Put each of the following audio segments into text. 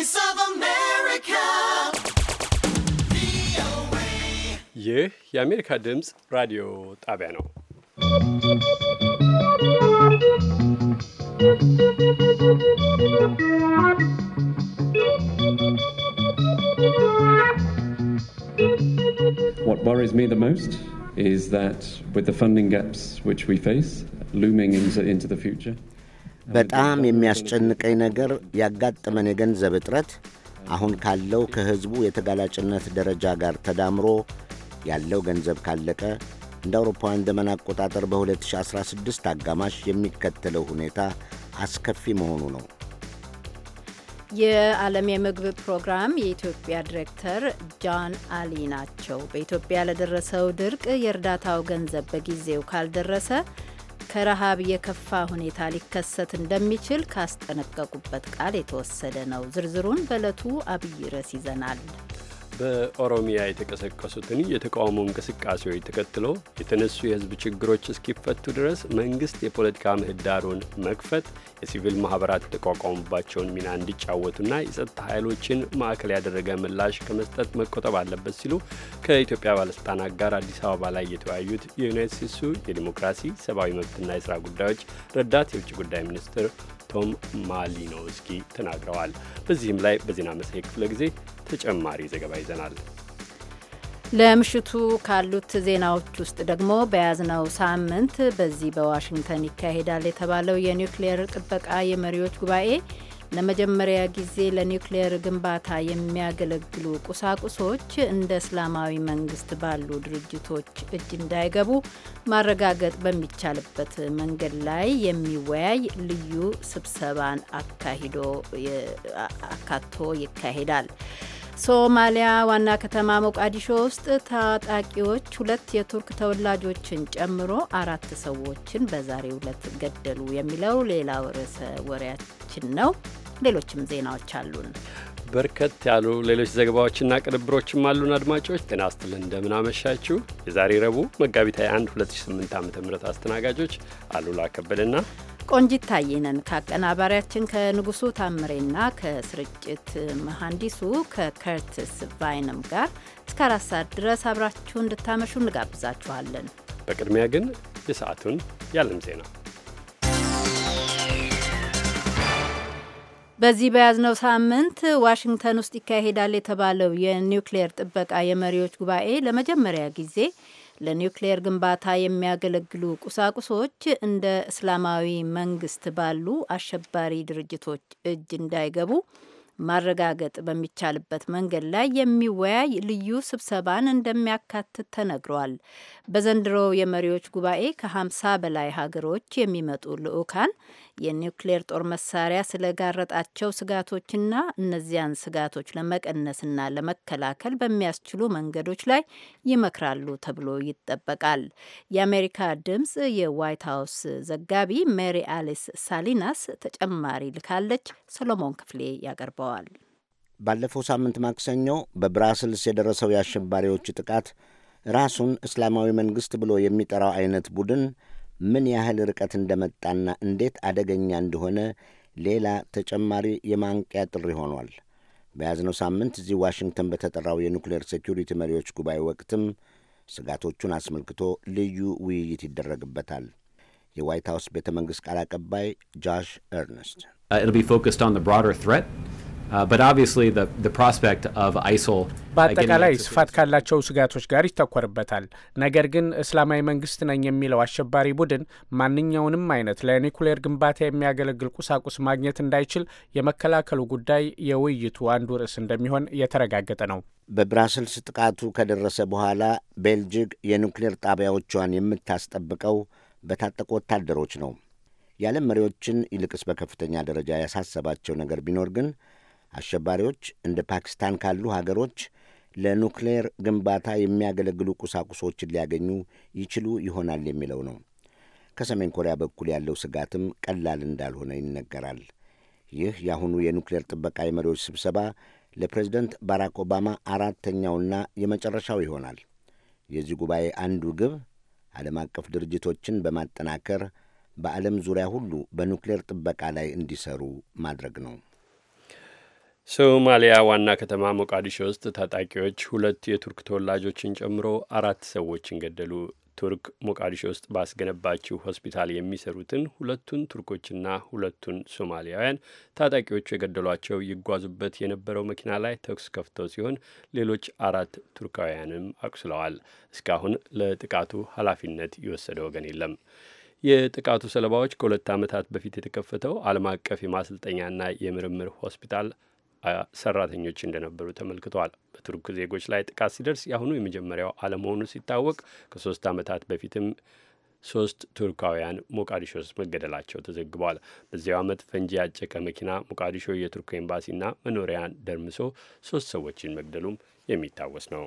Voice of America. ይህ የአሜሪካ ድምፅ ራዲዮ ጣቢያ ነው። What worries me the most is that with the funding gaps which we face looming into, into the future በጣም የሚያስጨንቀኝ ነገር ያጋጠመን የገንዘብ እጥረት አሁን ካለው ከሕዝቡ የተጋላጭነት ደረጃ ጋር ተዳምሮ ያለው ገንዘብ ካለቀ እንደ አውሮፓውያን ዘመን አቆጣጠር በ2016 አጋማሽ የሚከተለው ሁኔታ አስከፊ መሆኑ ነው። የዓለም የምግብ ፕሮግራም የኢትዮጵያ ዲሬክተር ጃን አሊ ናቸው። በኢትዮጵያ ለደረሰው ድርቅ የእርዳታው ገንዘብ በጊዜው ካልደረሰ ከረሃብ የከፋ ሁኔታ ሊከሰት እንደሚችል ካስጠነቀቁበት ቃል የተወሰደ ነው። ዝርዝሩን በዕለቱ አብይ ርዕስ ይዘናል። በኦሮሚያ የተቀሰቀሱትን የተቃውሞ እንቅስቃሴዎች ተከትሎ የተነሱ የህዝብ ችግሮች እስኪፈቱ ድረስ መንግስት የፖለቲካ ምህዳሩን መክፈት የሲቪል ማህበራት የተቋቋሙባቸውን ሚና እንዲጫወቱና የጸጥታ ኃይሎችን ማዕከል ያደረገ ምላሽ ከመስጠት መቆጠብ አለበት ሲሉ ከኢትዮጵያ ባለስልጣናት ጋር አዲስ አበባ ላይ የተወያዩት የዩናይት ስቴትሱ የዲሞክራሲ ሰብአዊ መብትና የስራ ጉዳዮች ረዳት የውጭ ጉዳይ ሚኒስትር ቶም ማሊኖስኪ ተናግረዋል። በዚህም ላይ በዜና መጽሔት ክፍለ ጊዜ ተጨማሪ ዘገባ ይዘናል። ለምሽቱ ካሉት ዜናዎች ውስጥ ደግሞ በያዝነው ሳምንት በዚህ በዋሽንግተን ይካሄዳል የተባለው የኒውክሌየር ጥበቃ የመሪዎች ጉባኤ ለመጀመሪያ ጊዜ ለኒውክሌር ግንባታ የሚያገለግሉ ቁሳቁሶች እንደ እስላማዊ መንግስት ባሉ ድርጅቶች እጅ እንዳይገቡ ማረጋገጥ በሚቻልበት መንገድ ላይ የሚወያይ ልዩ ስብሰባን አካሂዶ አካቶ ይካሄዳል። ሶማሊያ ዋና ከተማ ሞቃዲሾ ውስጥ ታጣቂዎች ሁለት የቱርክ ተወላጆችን ጨምሮ አራት ሰዎችን በዛሬው ዕለት ገደሉ የሚለው ሌላው ርዕሰ ወሬያችን ነው። ሌሎችም ዜናዎች አሉን። በርከት ያሉ ሌሎች ዘገባዎችና ቅንብሮችም አሉን። አድማጮች ጤና እንደምን አመሻችሁ። የዛሬ ረቡዕ መጋቢት 21 2008 ዓ ም አስተናጋጆች አሉላ ከበደና ቆንጂት ታየነን ከአቀናባሪያችን ከንጉሱ ታምሬና ከስርጭት መሐንዲሱ ከከርትስ ቫይንም ጋር እስከ አራት ሰዓት ድረስ አብራችሁ እንድታመሹ እንጋብዛችኋለን። በቅድሚያ ግን የሰዓቱን ያለም ዜና በዚህ በያዝነው ሳምንት ዋሽንግተን ውስጥ ይካሄዳል የተባለው የኒውክሌየር ጥበቃ የመሪዎች ጉባኤ ለመጀመሪያ ጊዜ ለኒውክሌየር ግንባታ የሚያገለግሉ ቁሳቁሶች እንደ እስላማዊ መንግስት ባሉ አሸባሪ ድርጅቶች እጅ እንዳይገቡ ማረጋገጥ በሚቻልበት መንገድ ላይ የሚወያይ ልዩ ስብሰባን እንደሚያካትት ተነግሯል። በዘንድሮው የመሪዎች ጉባኤ ከ50 በላይ ሀገሮች የሚመጡ ልዑካን የኒውክሌር ጦር መሳሪያ ስለጋረጣቸው ስጋቶችና እነዚያን ስጋቶች ለመቀነስና ለመከላከል በሚያስችሉ መንገዶች ላይ ይመክራሉ ተብሎ ይጠበቃል። የአሜሪካ ድምፅ የዋይት ሀውስ ዘጋቢ ሜሪ አሊስ ሳሊናስ ተጨማሪ ልካለች። ሰሎሞን ክፍሌ ያቀርበዋል። ባለፈው ሳምንት ማክሰኞ በብራስልስ የደረሰው የአሸባሪዎች ጥቃት ራሱን እስላማዊ መንግስት ብሎ የሚጠራው አይነት ቡድን ምን ያህል ርቀት እንደመጣና እንዴት አደገኛ እንደሆነ ሌላ ተጨማሪ የማንቂያ ጥሪ ሆኗል። በያዝነው ሳምንት እዚህ ዋሽንግተን በተጠራው የኑክሌር ሴኪሪቲ መሪዎች ጉባኤ ወቅትም ስጋቶቹን አስመልክቶ ልዩ ውይይት ይደረግበታል። የዋይት ሀውስ ቤተ መንግሥት ቃል አቀባይ ጆሽ ኤርነስት uh, Uh, but obviously the, the prospect of ISIL uh, በአጠቃላይ ስፋት ካላቸው ስጋቶች ጋር ይተኮርበታል። ነገር ግን እስላማዊ መንግስት ነኝ የሚለው አሸባሪ ቡድን ማንኛውንም አይነት ለኒኩሌር ግንባታ የሚያገለግል ቁሳቁስ ማግኘት እንዳይችል የመከላከሉ ጉዳይ የውይይቱ አንዱ ርዕስ እንደሚሆን የተረጋገጠ ነው። በብራስልስ ጥቃቱ ከደረሰ በኋላ ቤልጅግ የኒኩሌር ጣቢያዎቿን የምታስጠብቀው በታጠቁ ወታደሮች ነው። የዓለም መሪዎችን ይልቅስ በከፍተኛ ደረጃ ያሳሰባቸው ነገር ቢኖር ግን አሸባሪዎች እንደ ፓኪስታን ካሉ ሀገሮች ለኑክሌር ግንባታ የሚያገለግሉ ቁሳቁሶችን ሊያገኙ ይችሉ ይሆናል የሚለው ነው። ከሰሜን ኮሪያ በኩል ያለው ስጋትም ቀላል እንዳልሆነ ይነገራል። ይህ የአሁኑ የኑክሌር ጥበቃ የመሪዎች ስብሰባ ለፕሬዝደንት ባራክ ኦባማ አራተኛውና የመጨረሻው ይሆናል። የዚህ ጉባኤ አንዱ ግብ ዓለም አቀፍ ድርጅቶችን በማጠናከር በዓለም ዙሪያ ሁሉ በኑክሌር ጥበቃ ላይ እንዲሰሩ ማድረግ ነው። ሶማሊያ ዋና ከተማ ሞቃዲሾ ውስጥ ታጣቂዎች ሁለት የቱርክ ተወላጆችን ጨምሮ አራት ሰዎችን ገደሉ። ቱርክ ሞቃዲሾ ውስጥ ባስገነባችው ሆስፒታል የሚሰሩትን ሁለቱን ቱርኮችና ሁለቱን ሶማሊያውያን ታጣቂዎቹ የገደሏቸው ይጓዙበት የነበረው መኪና ላይ ተኩስ ከፍተው ሲሆን ሌሎች አራት ቱርካውያንም አቁስለዋል። እስካሁን ለጥቃቱ ኃላፊነት የወሰደ ወገን የለም። የጥቃቱ ሰለባዎች ከሁለት ዓመታት በፊት የተከፈተው ዓለም አቀፍ የማሰልጠኛና የምርምር ሆስፒታል ሰራተኞች እንደነበሩ ተመልክቷል። በቱርክ ዜጎች ላይ ጥቃት ሲደርስ የአሁኑ የመጀመሪያው አለመሆኑ ሲታወቅ ከሶስት ዓመታት በፊትም ሶስት ቱርካውያን ሞቃዲሾ ውስጥ መገደላቸው ተዘግቧል። በዚያው ዓመት ፈንጂ ያጨቀ መኪና ሞቃዲሾ የቱርክ ኤምባሲና መኖሪያን ደርምሶ ሶስት ሰዎችን መግደሉም የሚታወስ ነው።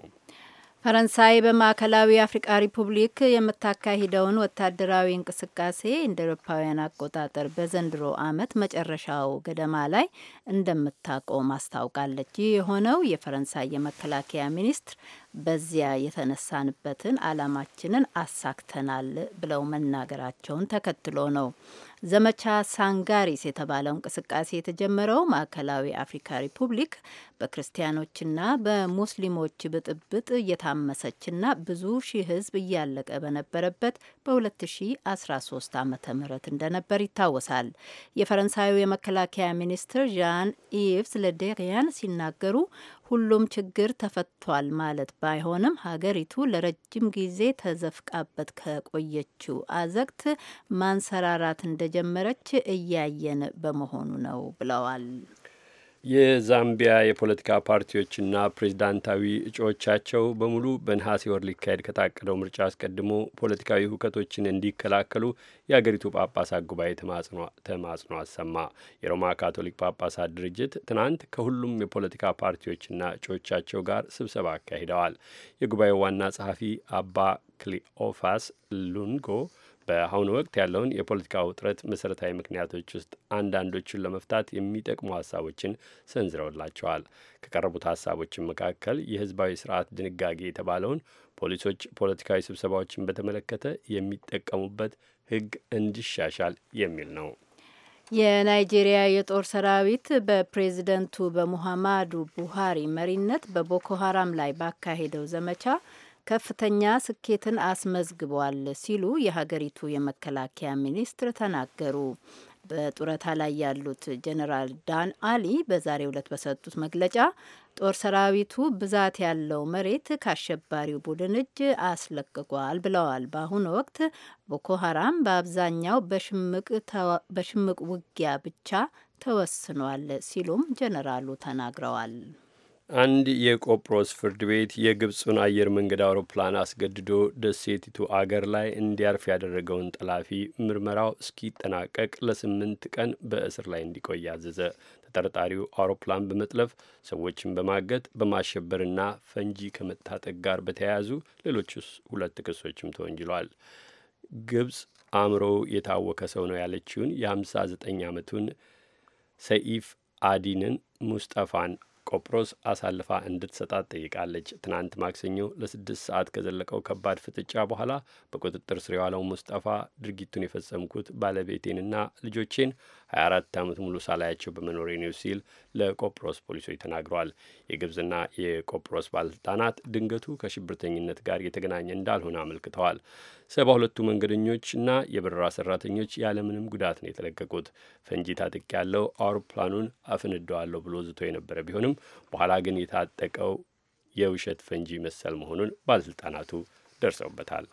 ፈረንሳይ በማዕከላዊ አፍሪቃ ሪፑብሊክ የምታካሂደውን ወታደራዊ እንቅስቃሴ እንደ ኤሮፓውያን አቆጣጠር በዘንድሮ ዓመት መጨረሻው ገደማ ላይ እንደምታቆም አስታውቃለች። ይህ የሆነው የፈረንሳይ የመከላከያ ሚኒስትር በዚያ የተነሳንበትን አላማችንን አሳክተናል ብለው መናገራቸውን ተከትሎ ነው። ዘመቻ ሳንጋሪስ የተባለው እንቅስቃሴ የተጀመረው ማዕከላዊ አፍሪካ ሪፑብሊክ በክርስቲያኖችና በሙስሊሞች ብጥብጥ እየታመሰችና ብዙ ሺህ ሕዝብ እያለቀ በነበረበት በ2013 ዓ ም እንደነበር ይታወሳል። የፈረንሳዩ የመከላከያ ሚኒስትር ዣን ኢቭስ ለዴሪያን ሲናገሩ ሁሉም ችግር ተፈቷል ማለት ባይሆንም ሀገሪቱ ለረጅም ጊዜ ተዘፍቃበት ከቆየችው አዘግት ማንሰራራት እንደጀመረች እያየን በመሆኑ ነው ብለዋል። የዛምቢያ የፖለቲካ ፓርቲዎችና ፕሬዝዳንታዊ እጩዎቻቸው በሙሉ በነሐሴ ወር ሊካሄድ ከታቀደው ምርጫ አስቀድሞ ፖለቲካዊ ሁከቶችን እንዲከላከሉ የአገሪቱ ጳጳሳት ጉባኤ ተማጽኖ አሰማ። የሮማ ካቶሊክ ጳጳሳት ድርጅት ትናንት ከሁሉም የፖለቲካ ፓርቲዎችና እጩዎቻቸው ጋር ስብሰባ አካሂደዋል። የጉባኤው ዋና ጸሐፊ አባ ክሊኦፋስ ሉንጎ በአሁኑ ወቅት ያለውን የፖለቲካ ውጥረት መሠረታዊ ምክንያቶች ውስጥ አንዳንዶቹን ለመፍታት የሚጠቅሙ ሀሳቦችን ሰንዝረውላቸዋል። ከቀረቡት ሀሳቦችን መካከል የህዝባዊ ስርዓት ድንጋጌ የተባለውን ፖሊሶች ፖለቲካዊ ስብሰባዎችን በተመለከተ የሚጠቀሙበት ህግ እንዲሻሻል የሚል ነው። የናይጄሪያ የጦር ሰራዊት በፕሬዝደንቱ በሙሐማዱ ቡሃሪ መሪነት በቦኮ ሀራም ላይ ባካሄደው ዘመቻ ከፍተኛ ስኬትን አስመዝግቧል ሲሉ የሀገሪቱ የመከላከያ ሚኒስትር ተናገሩ። በጡረታ ላይ ያሉት ጀኔራል ዳን አሊ በዛሬው ዕለት በሰጡት መግለጫ ጦር ሰራዊቱ ብዛት ያለው መሬት ከአሸባሪው ቡድን እጅ አስለቅቋል ብለዋል። በአሁኑ ወቅት ቦኮ ሀራም በአብዛኛው በሽምቅ ውጊያ ብቻ ተወስኗል ሲሉም ጀኔራሉ ተናግረዋል። አንድ የቆጵሮስ ፍርድ ቤት የግብፁን አየር መንገድ አውሮፕላን አስገድዶ ደሴቲቱ አገር ላይ እንዲያርፍ ያደረገውን ጠላፊ ምርመራው እስኪጠናቀቅ ለስምንት ቀን በእስር ላይ እንዲቆይ አዘዘ። ተጠርጣሪው አውሮፕላን በመጥለፍ ሰዎችን በማገት በማሸበርና ፈንጂ ከመታጠቅ ጋር በተያያዙ ሌሎች ሁለት ክሶችም ተወንጅሏል። ግብፅ አእምሮ የታወከ ሰው ነው ያለችውን የ59 ዓመቱን ሰኢፍ አዲንን ሙስጠፋን ቆጵሮስ አሳልፋ እንድትሰጣት ጠይቃለች። ትናንት ማክሰኞ ለስድስት ሰዓት ከዘለቀው ከባድ ፍጥጫ በኋላ በቁጥጥር ስር የዋለው ሙስጠፋ ድርጊቱን የፈጸምኩት ባለቤቴንና ልጆቼን 24 ዓመት ሙሉ ሳላያቸው በመኖሬ ነው ሲል ለቆጵሮስ ፖሊሶች ተናግረዋል። የግብጽና የቆጵሮስ ባለስልጣናት ድንገቱ ከሽብርተኝነት ጋር የተገናኘ እንዳልሆነ አመልክተዋል። ሰባ ሁለቱ መንገደኞችና የበረራ ሰራተኞች ያለምንም ጉዳት ነው የተለቀቁት። ፈንጂ ታጥቅ ያለው አውሮፕላኑን አፍንደዋለሁ ብሎ ዝቶ የነበረ ቢሆንም በኋላ ግን የታጠቀው የውሸት ፈንጂ መሰል መሆኑን ባለስልጣናቱ ደርሰውበታል።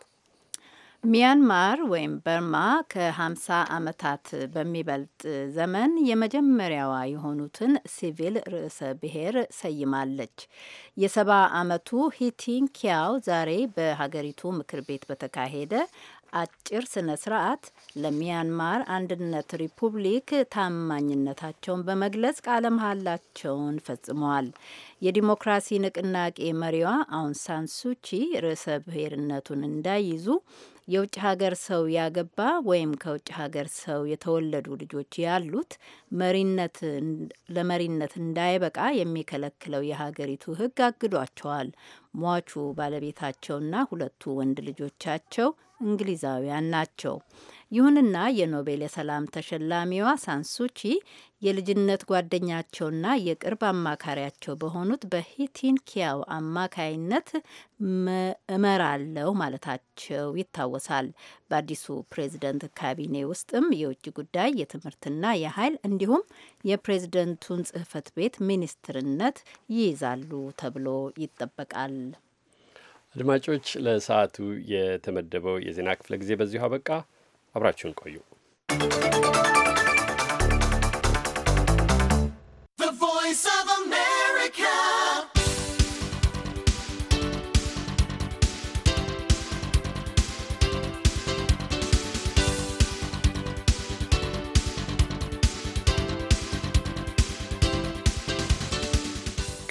ሚያንማር ወይም በርማ ከ50 ዓመታት በሚበልጥ ዘመን የመጀመሪያዋ የሆኑትን ሲቪል ርዕሰ ብሔር ሰይማለች። የሰባ ዓመቱ ሂቲንኪያው ዛሬ በሀገሪቱ ምክር ቤት በተካሄደ አጭር ስነ ስርዓት ለሚያንማር አንድነት ሪፑብሊክ ታማኝነታቸውን በመግለጽ ቃለ ፈጽመዋል። የዲሞክራሲ ንቅናቄ መሪዋ አውንሳን ሱቺ ርዕሰ ብሔርነቱን እንዳይይዙ የውጭ ሀገር ሰው ያገባ ወይም ከውጭ ሀገር ሰው የተወለዱ ልጆች ያሉት መሪነት ለመሪነት እንዳይበቃ የሚከለክለው የሀገሪቱ ሕግ አግዷቸዋል። ሟቹ ባለቤታቸውና ሁለቱ ወንድ ልጆቻቸው እንግሊዛውያን ናቸው። ይሁንና የኖቤል የሰላም ተሸላሚዋ ሳንሱቺ የልጅነት ጓደኛቸውና የቅርብ አማካሪያቸው በሆኑት በሂቲን ኪያው አማካይነት እመራለው ማለታቸው ይታወሳል። በአዲሱ ፕሬዝደንት ካቢኔ ውስጥም የውጭ ጉዳይ፣ የትምህርትና የኃይል እንዲሁም የፕሬዝደንቱን ጽህፈት ቤት ሚኒስትርነት ይይዛሉ ተብሎ ይጠበቃል። አድማጮች ለሰዓቱ የተመደበው የዜና ክፍለ ጊዜ በዚሁ አበቃ። አብራችሁን ቆዩ።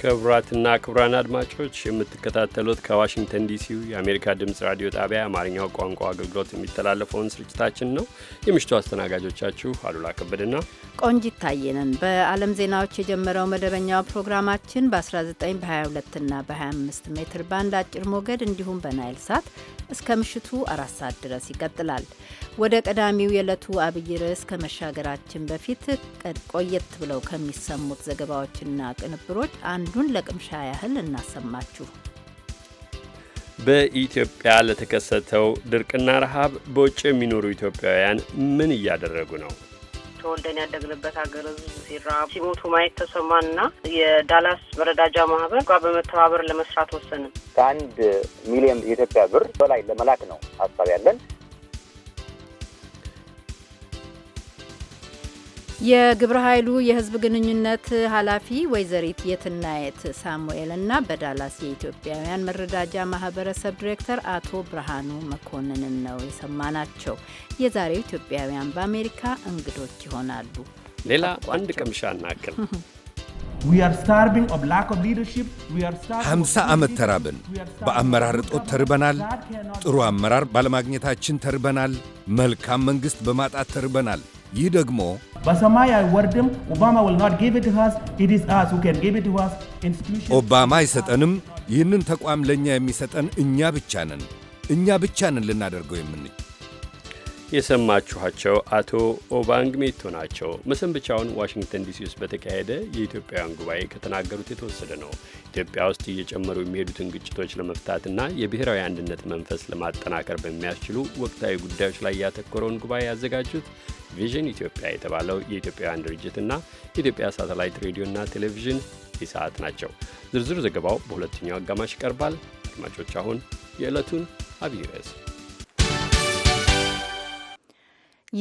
ክቡራትና ክቡራን አድማጮች የምትከታተሉት ከዋሽንግተን ዲሲው የአሜሪካ ድምፅ ራዲዮ ጣቢያ የአማርኛው ቋንቋ አገልግሎት የሚተላለፈውን ስርጭታችን ነው። የምሽቱ አስተናጋጆቻችሁ አሉላ ከበድና ቆንጂት ታየ በአለም በዓለም ዜናዎች የጀመረው መደበኛው ፕሮግራማችን በ19 በ22ና በ25 ሜትር ባንድ አጭር ሞገድ እንዲሁም በናይል ሳት እስከ ምሽቱ አራት ሰዓት ድረስ ይቀጥላል። ወደ ቀዳሚው የዕለቱ አብይ ርዕስ ከመሻገራችን በፊት ቆየት ብለው ከሚሰሙት ዘገባዎችና ቅንብሮች አንዱን ለቅምሻ ያህል እናሰማችሁ። በኢትዮጵያ ለተከሰተው ድርቅና ረሃብ በውጭ የሚኖሩ ኢትዮጵያውያን ምን እያደረጉ ነው? ተወልደን ያደግንበት ሀገር ሲራብ ሲሞቱ ማየት ተሰማንና የዳላስ መረዳጃ ማህበር ጋር በመተባበር ለመስራት ወሰንም። ከአንድ ሚሊዮን የኢትዮጵያ ብር በላይ ለመላክ ነው ሀሳብ ያለን። የግብረ ኃይሉ የህዝብ ግንኙነት ኃላፊ ወይዘሪት የትናየት ሳሙኤል እና በዳላስ የኢትዮጵያውያን መረዳጃ ማህበረሰብ ዲሬክተር አቶ ብርሃኑ መኮንንን ነው የሰማናቸው። የዛሬው ኢትዮጵያውያን በአሜሪካ እንግዶች ይሆናሉ። ሌላ አንድ ቅምሻ እናክል። ሀምሳ ዓመት ተራብን። በአመራር እጦት ተርበናል። ጥሩ አመራር ባለማግኘታችን ተርበናል። መልካም መንግሥት በማጣት ተርበናል። ይህ ደግሞ በሰማይ አይወርድም። ኦባማ አይሰጠንም። ይህንን ተቋም ለእኛ የሚሰጠን እኛ ብቻ ነን። እኛ ብቻ ነን ልናደርገው የምንችል። የሰማችኋቸው አቶ ኦባንግ ሜቶ ናቸው። ምስም ብቻውን ዋሽንግተን ዲሲ ውስጥ በተካሄደ የኢትዮጵያውያን ጉባኤ ከተናገሩት የተወሰደ ነው። ኢትዮጵያ ውስጥ እየጨመሩ የሚሄዱትን ግጭቶች ለመፍታትና የብሔራዊ አንድነት መንፈስ ለማጠናከር በሚያስችሉ ወቅታዊ ጉዳዮች ላይ ያተኮረውን ጉባኤ ያዘጋጁት ቪዥን ኢትዮጵያ የተባለው የኢትዮጵያውያን ድርጅትና የኢትዮጵያ ሳተላይት ሬዲዮና ቴሌቪዥን ኢሳት ናቸው። ዝርዝር ዘገባው በሁለተኛው አጋማሽ ይቀርባል። አድማጮች፣ አሁን የዕለቱን አብይ ርዕስ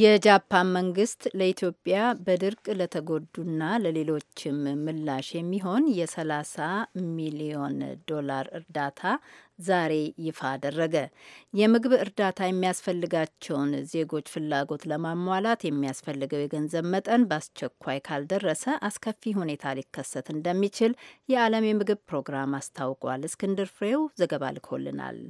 የጃፓን መንግስት ለኢትዮጵያ በድርቅ ለተጎዱና ለሌሎችም ምላሽ የሚሆን የ30 ሚሊዮን ዶላር እርዳታ ዛሬ ይፋ አደረገ። የምግብ እርዳታ የሚያስፈልጋቸውን ዜጎች ፍላጎት ለማሟላት የሚያስፈልገው የገንዘብ መጠን በአስቸኳይ ካልደረሰ አስከፊ ሁኔታ ሊከሰት እንደሚችል የዓለም የምግብ ፕሮግራም አስታውቋል። እስክንድር ፍሬው ዘገባ ልኮልናል።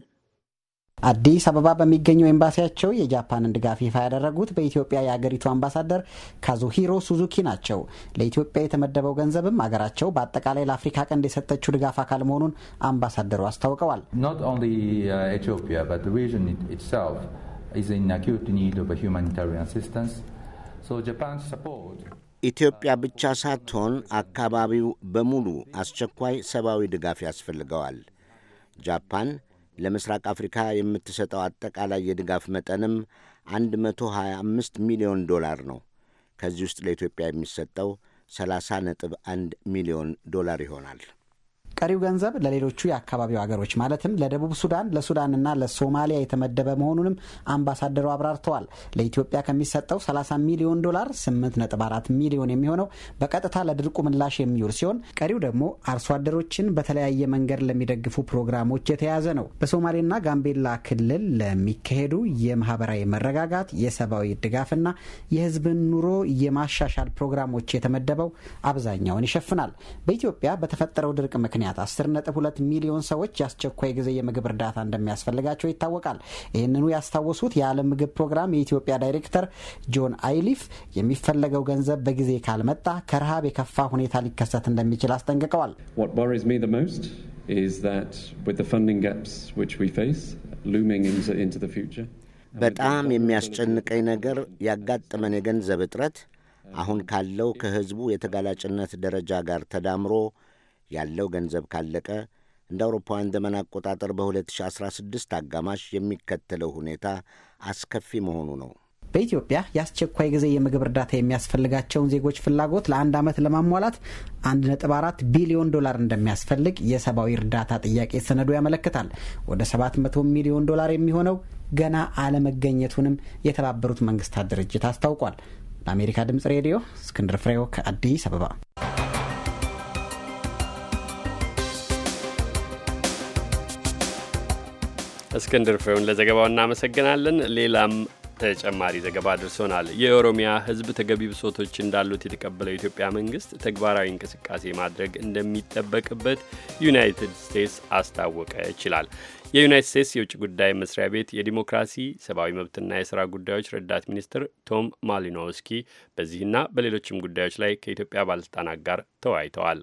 አዲስ አበባ በሚገኘው ኤምባሲያቸው የጃፓንን ድጋፍ ይፋ ያደረጉት በኢትዮጵያ የአገሪቱ አምባሳደር ካዙሂሮ ሱዙኪ ናቸው። ለኢትዮጵያ የተመደበው ገንዘብም አገራቸው በአጠቃላይ ለአፍሪካ ቀንድ የሰጠችው ድጋፍ አካል መሆኑን አምባሳደሩ አስታውቀዋል። uh, ኢትዮጵያ ብቻ ሳትሆን አካባቢው በሙሉ አስቸኳይ ሰብአዊ ድጋፍ ያስፈልገዋል። ጃፓን ለምስራቅ አፍሪካ የምትሰጠው አጠቃላይ የድጋፍ መጠንም 125 ሚሊዮን ዶላር ነው። ከዚህ ውስጥ ለኢትዮጵያ የሚሰጠው 30.1 ሚሊዮን ዶላር ይሆናል። ቀሪው ገንዘብ ለሌሎቹ የአካባቢው ሀገሮች ማለትም ለደቡብ ሱዳን፣ ለሱዳንና ለሶማሊያ የተመደበ መሆኑንም አምባሳደሩ አብራርተዋል። ለኢትዮጵያ ከሚሰጠው 30 ሚሊዮን ዶላር 8.4 ሚሊዮን የሚሆነው በቀጥታ ለድርቁ ምላሽ የሚውል ሲሆን ቀሪው ደግሞ አርሶ አደሮችን በተለያየ መንገድ ለሚደግፉ ፕሮግራሞች የተያዘ ነው። በሶማሌና ጋምቤላ ክልል ለሚካሄዱ የማህበራዊ መረጋጋት፣ የሰብአዊ ድጋፍና የህዝብን ኑሮ የማሻሻል ፕሮግራሞች የተመደበው አብዛኛውን ይሸፍናል። በኢትዮጵያ በተፈጠረው ድርቅ ምክንያት ምክንያት 10.2 ሚሊዮን ሰዎች የአስቸኳይ ጊዜ የምግብ እርዳታ እንደሚያስፈልጋቸው ይታወቃል። ይህንኑ ያስታወሱት የዓለም ምግብ ፕሮግራም የኢትዮጵያ ዳይሬክተር ጆን አይሊፍ የሚፈለገው ገንዘብ በጊዜ ካልመጣ ከረሃብ የከፋ ሁኔታ ሊከሰት እንደሚችል አስጠንቅቀዋል። በጣም የሚያስጨንቀኝ ነገር ያጋጠመን የገንዘብ እጥረት አሁን ካለው ከሕዝቡ የተጋላጭነት ደረጃ ጋር ተዳምሮ ያለው ገንዘብ ካለቀ እንደ አውሮፓውያን ዘመን አቆጣጠር በ2016 አጋማሽ የሚከተለው ሁኔታ አስከፊ መሆኑ ነው። በኢትዮጵያ የአስቸኳይ ጊዜ የምግብ እርዳታ የሚያስፈልጋቸውን ዜጎች ፍላጎት ለአንድ ዓመት ለማሟላት 1.4 ቢሊዮን ዶላር እንደሚያስፈልግ የሰብአዊ እርዳታ ጥያቄ ሰነዱ ያመለክታል። ወደ 700 ሚሊዮን ዶላር የሚሆነው ገና አለመገኘቱንም የተባበሩት መንግስታት ድርጅት አስታውቋል። ለአሜሪካ ድምፅ ሬዲዮ እስክንድር ፍሬው ከአዲስ አበባ እስክንድር ፍሬውን ለዘገባው እናመሰግናለን። ሌላም ተጨማሪ ዘገባ ደርሶናል። የኦሮሚያ ሕዝብ ተገቢ ብሶቶች እንዳሉት የተቀበለው የኢትዮጵያ መንግስት ተግባራዊ እንቅስቃሴ ማድረግ እንደሚጠበቅበት ዩናይትድ ስቴትስ አስታወቀ ይችላል። የዩናይት ስቴትስ የውጭ ጉዳይ መስሪያ ቤት የዲሞክራሲ ሰብአዊ መብትና የስራ ጉዳዮች ረዳት ሚኒስትር ቶም ማሊኖውስኪ በዚህና በሌሎችም ጉዳዮች ላይ ከኢትዮጵያ ባለስልጣናት ጋር ተወያይተዋል።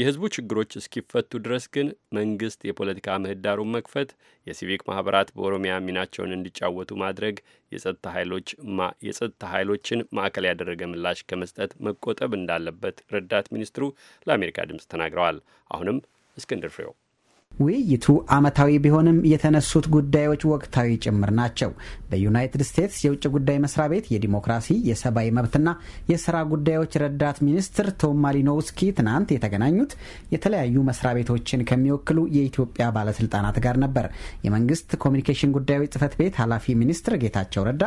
የህዝቡ ችግሮች እስኪፈቱ ድረስ ግን መንግስት የፖለቲካ ምህዳሩን መክፈት፣ የሲቪክ ማህበራት በኦሮሚያ ሚናቸውን እንዲጫወቱ ማድረግ፣ የጸጥታ ኃይሎችን ማዕከል ያደረገ ምላሽ ከመስጠት መቆጠብ እንዳለበት ረዳት ሚኒስትሩ ለአሜሪካ ድምፅ ተናግረዋል። አሁንም እስክንድር ፍሬው ውይይቱ ዓመታዊ ቢሆንም የተነሱት ጉዳዮች ወቅታዊ ጭምር ናቸው። በዩናይትድ ስቴትስ የውጭ ጉዳይ መስሪያ ቤት የዲሞክራሲ የሰብአዊ መብትና የስራ ጉዳዮች ረዳት ሚኒስትር ቶም ማሊኖውስኪ ትናንት የተገናኙት የተለያዩ መስሪያ ቤቶችን ከሚወክሉ የኢትዮጵያ ባለስልጣናት ጋር ነበር። የመንግስት ኮሚኒኬሽን ጉዳዮች ጽህፈት ቤት ኃላፊ ሚኒስትር ጌታቸው ረዳ፣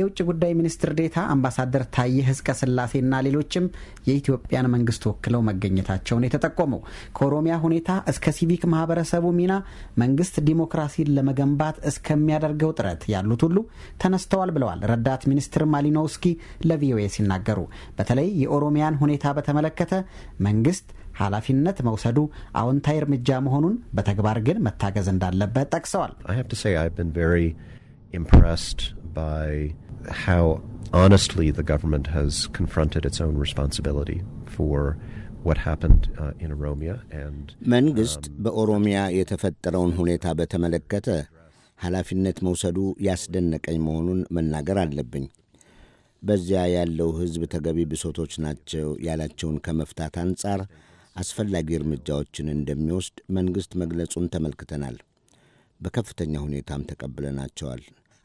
የውጭ ጉዳይ ሚኒስትር ዴታ አምባሳደር ታዬ ህዝቀ ስላሴና ሌሎችም የኢትዮጵያን መንግስት ወክለው መገኘታቸውን የተጠቆመው ከኦሮሚያ ሁኔታ እስከ ሲቪክ ማህበረሰብ የማህበረሰቡ ሚና መንግስት ዲሞክራሲን ለመገንባት እስከሚያደርገው ጥረት ያሉት ሁሉ ተነስተዋል ብለዋል ረዳት ሚኒስትር ማሊኖውስኪ ለቪኦኤ ሲናገሩ። በተለይ የኦሮሚያን ሁኔታ በተመለከተ መንግስት ኃላፊነት መውሰዱ አዎንታዊ እርምጃ መሆኑን፣ በተግባር ግን መታገዝ እንዳለበት ጠቅሰዋል። how honestly the government has confronted its own responsibility for Uh, መንግሥት um, በኦሮሚያ የተፈጠረውን ሁኔታ በተመለከተ ኃላፊነት መውሰዱ ያስደነቀኝ መሆኑን መናገር አለብኝ። በዚያ ያለው ሕዝብ ተገቢ ብሶቶች ናቸው ያላቸውን ከመፍታት አንጻር አስፈላጊ እርምጃዎችን እንደሚወስድ መንግሥት መግለጹን ተመልክተናል። በከፍተኛ ሁኔታም ተቀብለናቸዋል።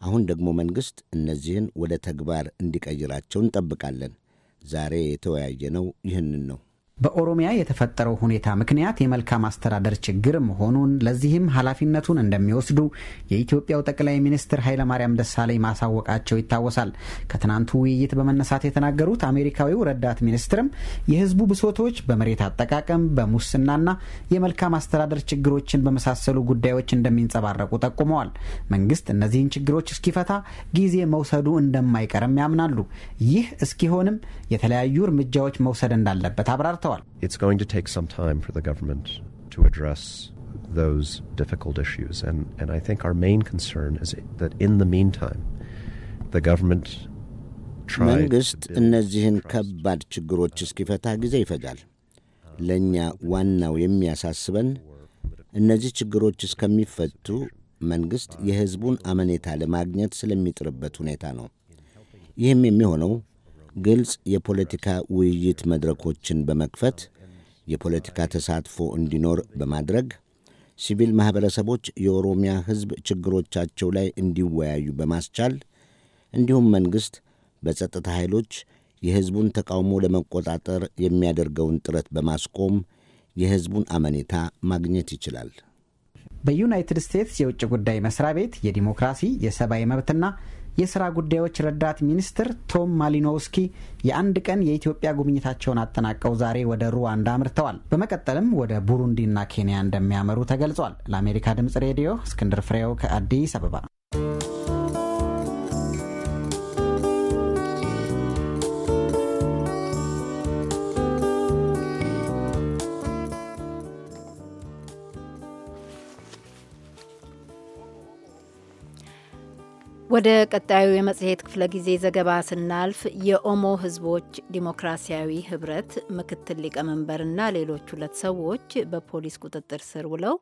አሁን ደግሞ መንግሥት እነዚህን ወደ ተግባር እንዲቀይራቸው እንጠብቃለን። ዛሬ የተወያየነው ይህንን ነው። በኦሮሚያ የተፈጠረው ሁኔታ ምክንያት የመልካም አስተዳደር ችግር መሆኑን ለዚህም ኃላፊነቱን እንደሚወስዱ የኢትዮጵያው ጠቅላይ ሚኒስትር ኃይለማርያም ደሳለኝ ማሳወቃቸው ይታወሳል። ከትናንቱ ውይይት በመነሳት የተናገሩት አሜሪካዊው ረዳት ሚኒስትርም የሕዝቡ ብሶቶች በመሬት አጠቃቀም፣ በሙስናና የመልካም አስተዳደር ችግሮችን በመሳሰሉ ጉዳዮች እንደሚንጸባረቁ ጠቁመዋል። መንግስት እነዚህን ችግሮች እስኪፈታ ጊዜ መውሰዱ እንደማይቀርም ያምናሉ። ይህ እስኪሆንም የተለያዩ እርምጃዎች መውሰድ እንዳለበት አብራር It's going to take some time for the government to address those difficult issues. And, and I think our main concern is that in the meantime, the government መንግሥት እነዚህን ለእኛ ዋናው የሚያሳስበን እነዚህ ችግሮች እስከሚፈቱ መንግሥት የሕዝቡን አመኔታ ለማግኘት ስለሚጥርበት ሁኔታ ነው። ይህም የሚሆነው ግልጽ የፖለቲካ ውይይት መድረኮችን በመክፈት የፖለቲካ ተሳትፎ እንዲኖር በማድረግ ሲቪል ማኅበረሰቦች የኦሮሚያ ሕዝብ ችግሮቻቸው ላይ እንዲወያዩ በማስቻል እንዲሁም መንግሥት በጸጥታ ኃይሎች የሕዝቡን ተቃውሞ ለመቆጣጠር የሚያደርገውን ጥረት በማስቆም የሕዝቡን አመኔታ ማግኘት ይችላል። በዩናይትድ ስቴትስ የውጭ ጉዳይ መስሪያ ቤት የዲሞክራሲ የሰብአዊ መብትና የስራ ጉዳዮች ረዳት ሚኒስትር ቶም ማሊኖውስኪ የአንድ ቀን የኢትዮጵያ ጉብኝታቸውን አጠናቀው ዛሬ ወደ ሩዋንዳ አምርተዋል። በመቀጠልም ወደ ቡሩንዲና ኬንያ እንደሚያመሩ ተገልጿል። ለአሜሪካ ድምጽ ሬዲዮ እስክንድር ፍሬው ከአዲስ አበባ ወደ ቀጣዩ የመጽሔት ክፍለ ጊዜ ዘገባ ስናልፍ የኦሞ ሕዝቦች ዲሞክራሲያዊ ህብረት ምክትል ሊቀመንበርና ሌሎች ሁለት ሰዎች በፖሊስ ቁጥጥር ስር ውለው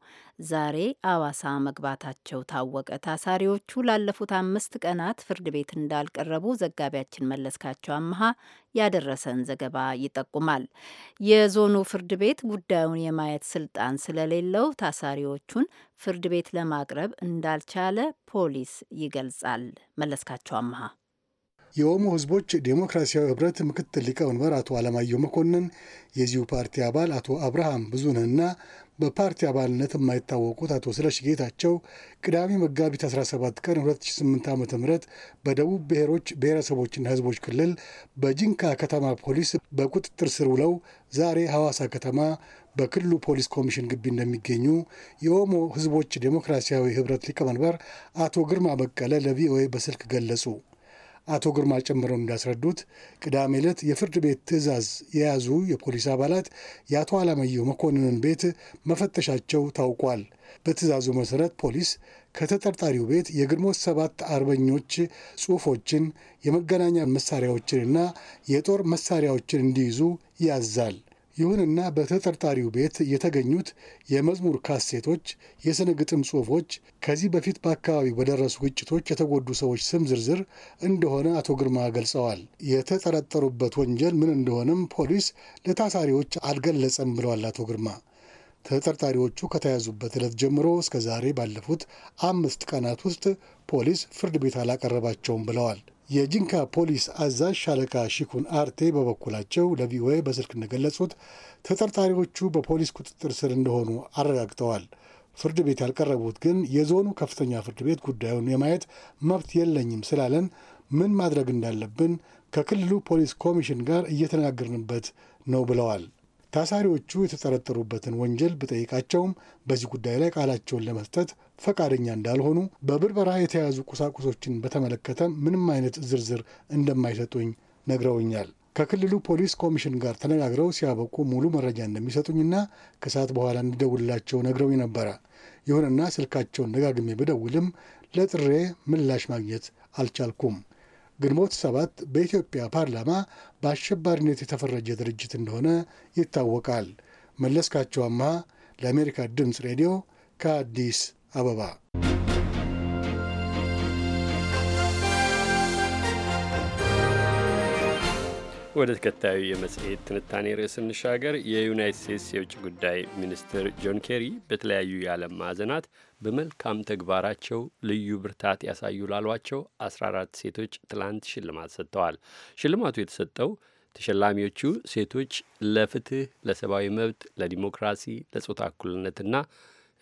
ዛሬ አዋሳ መግባታቸው ታወቀ። ታሳሪዎቹ ላለፉት አምስት ቀናት ፍርድ ቤት እንዳልቀረቡ ዘጋቢያችን መለስካቸው አመሃ ያደረሰን ዘገባ ይጠቁማል። የዞኑ ፍርድ ቤት ጉዳዩን የማየት ስልጣን ስለሌለው ታሳሪዎቹን ፍርድ ቤት ለማቅረብ እንዳልቻለ ፖሊስ ይገልጻል። መለስካቸው አመሀ የኦሞ ህዝቦች ዴሞክራሲያዊ ህብረት ምክትል ሊቀመንበር አቶ አለማየሁ መኮንን፣ የዚሁ ፓርቲ አባል አቶ አብርሃም ብዙንህና በፓርቲ አባልነት የማይታወቁት አቶ ስለሽ ጌታቸው ቅዳሜ መጋቢት 17 ቀን 2008 ዓ ም በደቡብ ብሔሮች ብሔረሰቦችና ህዝቦች ክልል በጂንካ ከተማ ፖሊስ በቁጥጥር ስር ውለው ዛሬ ሐዋሳ ከተማ በክልሉ ፖሊስ ኮሚሽን ግቢ እንደሚገኙ የኦሞ ህዝቦች ዴሞክራሲያዊ ህብረት ሊቀመንበር አቶ ግርማ በቀለ ለቪኦኤ በስልክ ገለጹ። አቶ ግርማ ጨምረው እንዳስረዱት ቅዳሜ ዕለት የፍርድ ቤት ትዕዛዝ የያዙ የፖሊስ አባላት የአቶ አላማየሁ መኮንንን ቤት መፈተሻቸው ታውቋል። በትዕዛዙ መሠረት ፖሊስ ከተጠርጣሪው ቤት የግንቦት ሰባት አርበኞች ጽሑፎችን፣ የመገናኛ መሳሪያዎችንና የጦር መሳሪያዎችን እንዲይዙ ያዛል። ይሁንና በተጠርጣሪው ቤት የተገኙት የመዝሙር ካሴቶች፣ የሥነ ግጥም ጽሑፎች ከዚህ በፊት በአካባቢው በደረሱ ግጭቶች የተጎዱ ሰዎች ስም ዝርዝር እንደሆነ አቶ ግርማ ገልጸዋል። የተጠረጠሩበት ወንጀል ምን እንደሆነም ፖሊስ ለታሳሪዎች አልገለጸም ብለዋል አቶ ግርማ። ተጠርጣሪዎቹ ከተያዙበት ዕለት ጀምሮ እስከ ዛሬ ባለፉት አምስት ቀናት ውስጥ ፖሊስ ፍርድ ቤት አላቀረባቸውም ብለዋል። የጂንካ ፖሊስ አዛዥ ሻለቃ ሺኩን አርቴ በበኩላቸው ለቪኦኤ በስልክ እንደገለጹት ተጠርጣሪዎቹ በፖሊስ ቁጥጥር ስር እንደሆኑ አረጋግጠዋል። ፍርድ ቤት ያልቀረቡት ግን የዞኑ ከፍተኛ ፍርድ ቤት ጉዳዩን የማየት መብት የለኝም ስላለን ምን ማድረግ እንዳለብን ከክልሉ ፖሊስ ኮሚሽን ጋር እየተነጋገርንበት ነው ብለዋል። ታሳሪዎቹ የተጠረጠሩበትን ወንጀል ብጠይቃቸውም በዚህ ጉዳይ ላይ ቃላቸውን ለመስጠት ፈቃደኛ እንዳልሆኑ፣ በብርበራ የተያዙ ቁሳቁሶችን በተመለከተ ምንም አይነት ዝርዝር እንደማይሰጡኝ ነግረውኛል። ከክልሉ ፖሊስ ኮሚሽን ጋር ተነጋግረው ሲያበቁ ሙሉ መረጃ እንደሚሰጡኝና ከሰዓት በኋላ እንዲደውልላቸው ነግረውኝ ነበረ። ይሁንና ስልካቸውን ደጋግሜ ብደውልም ለጥሬ ምላሽ ማግኘት አልቻልኩም። ግንቦት ሰባት በኢትዮጵያ ፓርላማ በአሸባሪነት የተፈረጀ ድርጅት እንደሆነ ይታወቃል። መለስካቸው አማሃ ለአሜሪካ ድምፅ ሬዲዮ ከአዲስ አበባ ወደ ተከታዩ የመጽሔት ትንታኔ ርዕስ እንሻገር። የዩናይት ስቴትስ የውጭ ጉዳይ ሚኒስትር ጆን ኬሪ በተለያዩ የዓለም ማዕዘናት በመልካም ተግባራቸው ልዩ ብርታት ያሳዩ ላሏቸው 14 ሴቶች ትላንት ሽልማት ሰጥተዋል። ሽልማቱ የተሰጠው ተሸላሚዎቹ ሴቶች ለፍትህ፣ ለሰብአዊ መብት፣ ለዲሞክራሲ፣ ለጾታ እኩልነትና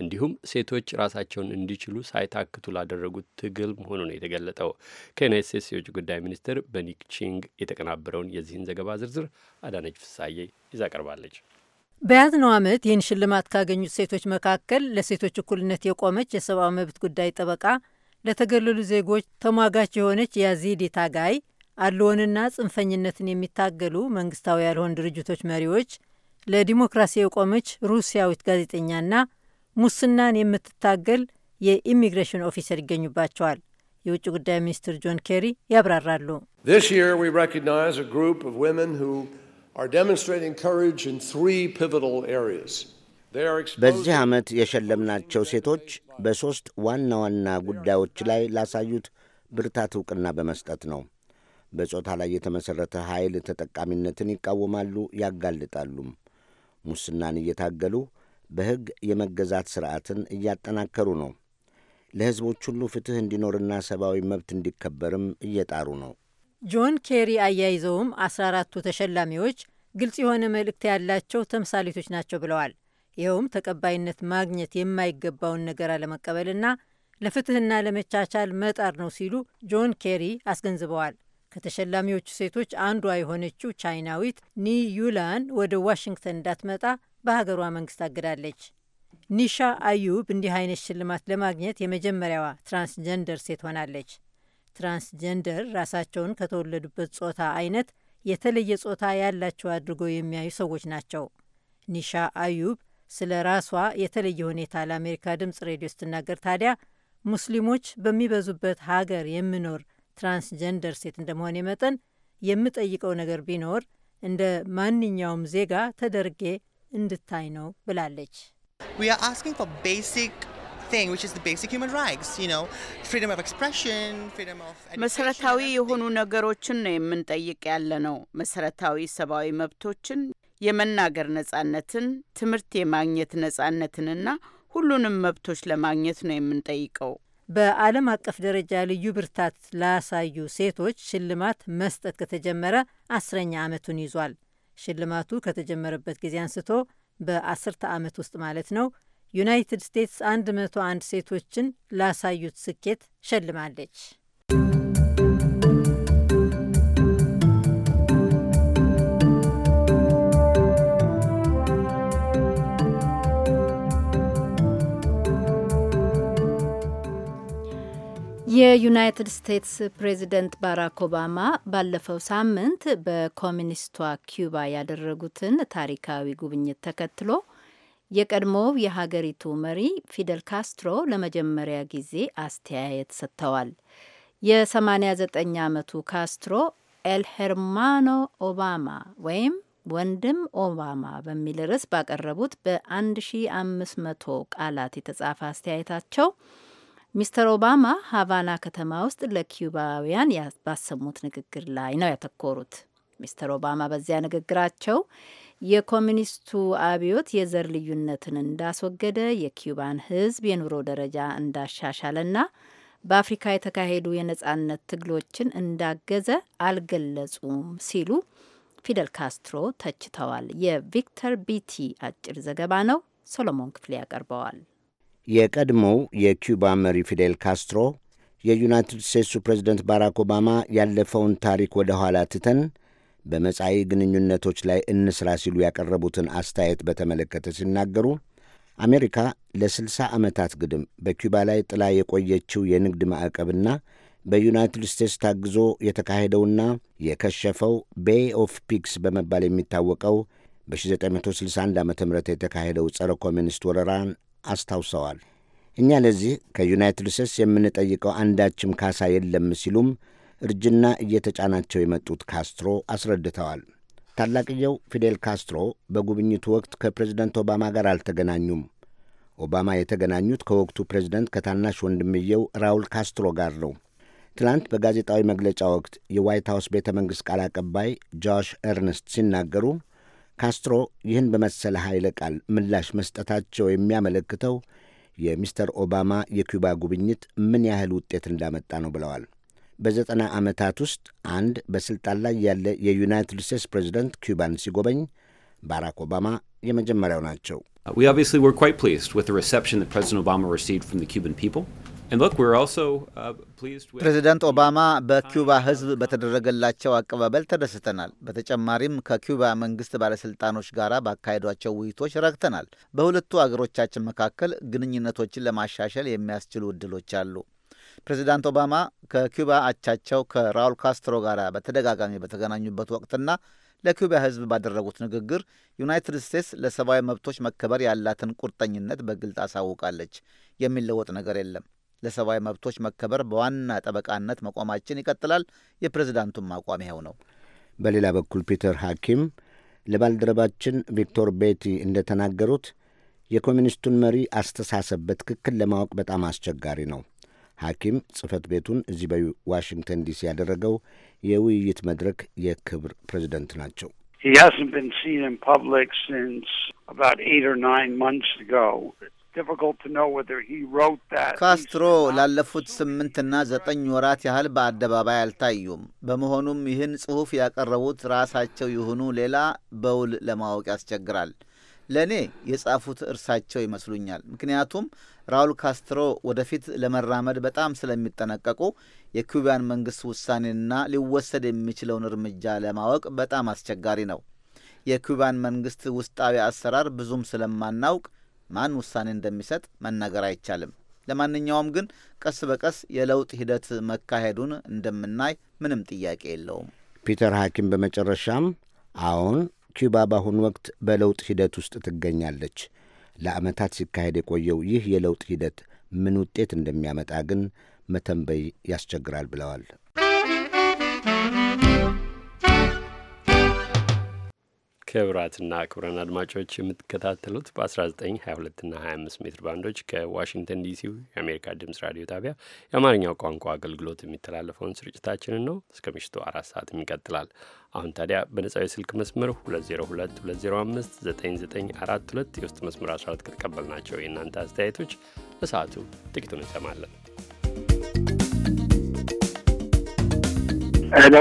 እንዲሁም ሴቶች ራሳቸውን እንዲችሉ ሳይታክቱ ላደረጉት ትግል መሆኑ ነው የተገለጠው። ከዩናይት ስቴትስ የውጭ ጉዳይ ሚኒስትር በኒክ ቺንግ የተቀናበረውን የዚህን ዘገባ ዝርዝር አዳነች ፍሳዬ ይዛ ቀርባለች። በያዝነው ዓመት ይህን ሽልማት ካገኙት ሴቶች መካከል ለሴቶች እኩልነት የቆመች የሰብአዊ መብት ጉዳይ ጠበቃ፣ ለተገለሉ ዜጎች ተሟጋች የሆነች የያዚዲ ታጋይ፣ አልዎንና ጽንፈኝነትን የሚታገሉ መንግስታዊ ያልሆን ድርጅቶች መሪዎች፣ ለዲሞክራሲ የቆመች ሩሲያዊት ጋዜጠኛና ሙስናን የምትታገል የኢሚግሬሽን ኦፊሰር ይገኙባቸዋል። የውጭ ጉዳይ ሚኒስትር ጆን ኬሪ ያብራራሉ። በዚህ ዓመት የሸለምናቸው ሴቶች በሦስት ዋና ዋና ጉዳዮች ላይ ላሳዩት ብርታት ዕውቅና በመስጠት ነው። በጾታ ላይ የተመሠረተ ኃይል ተጠቃሚነትን ይቃወማሉ፣ ያጋልጣሉም። ሙስናን እየታገሉ በሕግ የመገዛት ሥርዓትን እያጠናከሩ ነው። ለሕዝቦች ሁሉ ፍትሕ እንዲኖርና ሰብአዊ መብት እንዲከበርም እየጣሩ ነው። ጆን ኬሪ አያይዘውም 14ቱ ተሸላሚዎች ግልጽ የሆነ መልእክት ያላቸው ተምሳሌቶች ናቸው ብለዋል። ይኸውም ተቀባይነት ማግኘት የማይገባውን ነገር አለመቀበልና ለፍትሕና ለመቻቻል መጣር ነው ሲሉ ጆን ኬሪ አስገንዝበዋል። ከተሸላሚዎቹ ሴቶች አንዷ የሆነችው ቻይናዊት ኒ ዩላን ወደ ዋሽንግተን እንዳትመጣ በሀገሯ መንግስት አግዳለች። ኒሻ አዩብ እንዲህ አይነት ሽልማት ለማግኘት የመጀመሪያዋ ትራንስጀንደር ሴት ሆናለች። ትራንስጀንደር ራሳቸውን ከተወለዱበት ጾታ አይነት የተለየ ጾታ ያላቸው አድርጎ የሚያዩ ሰዎች ናቸው። ኒሻ አዩብ ስለ ራሷ የተለየ ሁኔታ ለአሜሪካ ድምፅ ሬዲዮ ስትናገር ታዲያ ሙስሊሞች በሚበዙበት ሀገር የምኖር ትራንስጀንደር ሴት እንደመሆኔ መጠን የምጠይቀው ነገር ቢኖር እንደ ማንኛውም ዜጋ ተደርጌ እንድታይ ነው ብላለች። መሰረታዊ የሆኑ ነገሮችን ነው የምንጠይቅ ያለ ነው። መሰረታዊ ሰብአዊ መብቶችን፣ የመናገር ነጻነትን፣ ትምህርት የማግኘት ነጻነትንና ሁሉንም መብቶች ለማግኘት ነው የምንጠይቀው። በዓለም አቀፍ ደረጃ ልዩ ብርታት ላሳዩ ሴቶች ሽልማት መስጠት ከተጀመረ አስረኛ ዓመቱን ይዟል። ሽልማቱ ከተጀመረበት ጊዜ አንስቶ በአስርተ ዓመት ውስጥ ማለት ነው ዩናይትድ ስቴትስ 101 ሴቶችን ላሳዩት ስኬት ሸልማለች። የዩናይትድ ስቴትስ ፕሬዚደንት ባራክ ኦባማ ባለፈው ሳምንት በኮሚኒስቷ ኪዩባ ያደረጉትን ታሪካዊ ጉብኝት ተከትሎ የቀድሞው የሀገሪቱ መሪ ፊደል ካስትሮ ለመጀመሪያ ጊዜ አስተያየት ሰጥተዋል። የ89 ዓመቱ ካስትሮ ኤል ሄርማኖ ኦባማ ወይም ወንድም ኦባማ በሚል ርዕስ ባቀረቡት በ1500 ቃላት የተጻፈ አስተያየታቸው ሚስተር ኦባማ ሀቫና ከተማ ውስጥ ለኪዩባውያን ባሰሙት ንግግር ላይ ነው ያተኮሩት። ሚስተር ኦባማ በዚያ ንግግራቸው የኮሚኒስቱ አብዮት የዘር ልዩነትን እንዳስወገደ የኪዩባን ሕዝብ የኑሮ ደረጃ እንዳሻሻለና በአፍሪካ የተካሄዱ የነጻነት ትግሎችን እንዳገዘ አልገለጹም ሲሉ ፊደል ካስትሮ ተችተዋል። የቪክተር ቢቲ አጭር ዘገባ ነው። ሶሎሞን ክፍሌ ያቀርበዋል። የቀድሞው የኪዩባ መሪ ፊዴል ካስትሮ፣ የዩናይትድ ስቴትሱ ፕሬዝደንት ባራክ ኦባማ ያለፈውን ታሪክ ወደ ኋላ ትተን በመጻኢ ግንኙነቶች ላይ እንስራ ሲሉ ያቀረቡትን አስተያየት በተመለከተ ሲናገሩ አሜሪካ ለ60 ዓመታት ግድም በኪዩባ ላይ ጥላ የቆየችው የንግድ ማዕቀብና በዩናይትድ ስቴትስ ታግዞ የተካሄደውና የከሸፈው ቤይ ኦፍ ፒክስ በመባል የሚታወቀው በ1961 ዓ ም የተካሄደው ጸረ ኮሚኒስት ወረራን አስታውሰዋል። እኛ ለዚህ ከዩናይትድ ስቴትስ የምንጠይቀው አንዳችም ካሳ የለም ሲሉም እርጅና እየተጫናቸው የመጡት ካስትሮ አስረድተዋል። ታላቅየው ፊዴል ካስትሮ በጉብኝቱ ወቅት ከፕሬዝደንት ኦባማ ጋር አልተገናኙም። ኦባማ የተገናኙት ከወቅቱ ፕሬዝደንት ከታናሽ ወንድምየው ራውል ካስትሮ ጋር ነው። ትላንት በጋዜጣዊ መግለጫ ወቅት የዋይት ሀውስ ቤተ መንግሥት ቃል አቀባይ ጆሽ ኤርንስት ሲናገሩ ካስትሮ ይህን በመሰለ ኃይለ ቃል ምላሽ መስጠታቸው የሚያመለክተው የሚስተር ኦባማ የኩባ ጉብኝት ምን ያህል ውጤት እንዳመጣ ነው ብለዋል። በዘጠና ዓመታት ውስጥ አንድ በሥልጣን ላይ ያለ የዩናይትድ ስቴትስ ፕሬዚደንት ኩባን ሲጎበኝ ባራክ ኦባማ የመጀመሪያው ናቸው። uh, Uh, ፕሬዚደንት ኦባማ በኪዩባ ሕዝብ በተደረገላቸው አቀባበል ተደስተናል። በተጨማሪም ከኪዩባ መንግስት ባለሥልጣኖች ጋር ባካሄዷቸው ውይይቶች ረግተናል። በሁለቱ አገሮቻችን መካከል ግንኙነቶችን ለማሻሸል የሚያስችሉ እድሎች አሉ። ፕሬዚዳንት ኦባማ ከኪባ አቻቸው ከራውል ካስትሮ ጋር በተደጋጋሚ በተገናኙበት ወቅትና ለኪዩባ ሕዝብ ባደረጉት ንግግር ዩናይትድ ስቴትስ ለሰብአዊ መብቶች መከበር ያላትን ቁርጠኝነት በግልጽ አሳውቃለች። የሚለወጥ ነገር የለም። ለሰብአዊ መብቶች መከበር በዋና ጠበቃነት መቆማችን ይቀጥላል። የፕሬዝዳንቱም አቋም ይኸው ነው። በሌላ በኩል ፒተር ሐኪም ለባልደረባችን ቪክቶር ቤቲ እንደተናገሩት የኮሚኒስቱን መሪ አስተሳሰብ በትክክል ለማወቅ በጣም አስቸጋሪ ነው። ሐኪም ጽህፈት ቤቱን እዚህ በዋሽንግተን ዲሲ ያደረገው የውይይት መድረክ የክብር ፕሬዝደንት ናቸው። He hasn't been seen in public since about eight or nine months ago. ካስትሮ ላለፉት ስምንትና ዘጠኝ ወራት ያህል በአደባባይ አልታዩም። በመሆኑም ይህን ጽሑፍ ያቀረቡት ራሳቸው ይሁኑ ሌላ በውል ለማወቅ ያስቸግራል። ለእኔ የጻፉት እርሳቸው ይመስሉኛል። ምክንያቱም ራውል ካስትሮ ወደፊት ለመራመድ በጣም ስለሚጠነቀቁ የኩቢያን መንግሥት ውሳኔና ሊወሰድ የሚችለውን እርምጃ ለማወቅ በጣም አስቸጋሪ ነው። የኩቢያን መንግሥት ውስጣዊ አሰራር ብዙም ስለማናውቅ ማን ውሳኔ እንደሚሰጥ መናገር አይቻልም። ለማንኛውም ግን ቀስ በቀስ የለውጥ ሂደት መካሄዱን እንደምናይ ምንም ጥያቄ የለውም። ፒተር ሐኪም በመጨረሻም አዎን፣ ኪዩባ በአሁኑ ወቅት በለውጥ ሂደት ውስጥ ትገኛለች። ለዓመታት ሲካሄድ የቆየው ይህ የለውጥ ሂደት ምን ውጤት እንደሚያመጣ ግን መተንበይ ያስቸግራል ብለዋል። ክብራትና ክብረን አድማጮች የምትከታተሉት በ1922 እና 25 ሜትር ባንዶች ከዋሽንግተን ዲሲው የአሜሪካ ድምጽ ራዲዮ ጣቢያ የአማርኛው ቋንቋ አገልግሎት የሚተላለፈውን ስርጭታችንን ነው። እስከ ምሽቱ አራት ሰዓትም ይቀጥላል። አሁን ታዲያ በነጻው የስልክ መስመር 2022059942 የውስጥ መስመር 14 ከተቀበልናቸው የእናንተ አስተያየቶች በሰዓቱ ጥቂቱን እንሰማለን። ሄሎ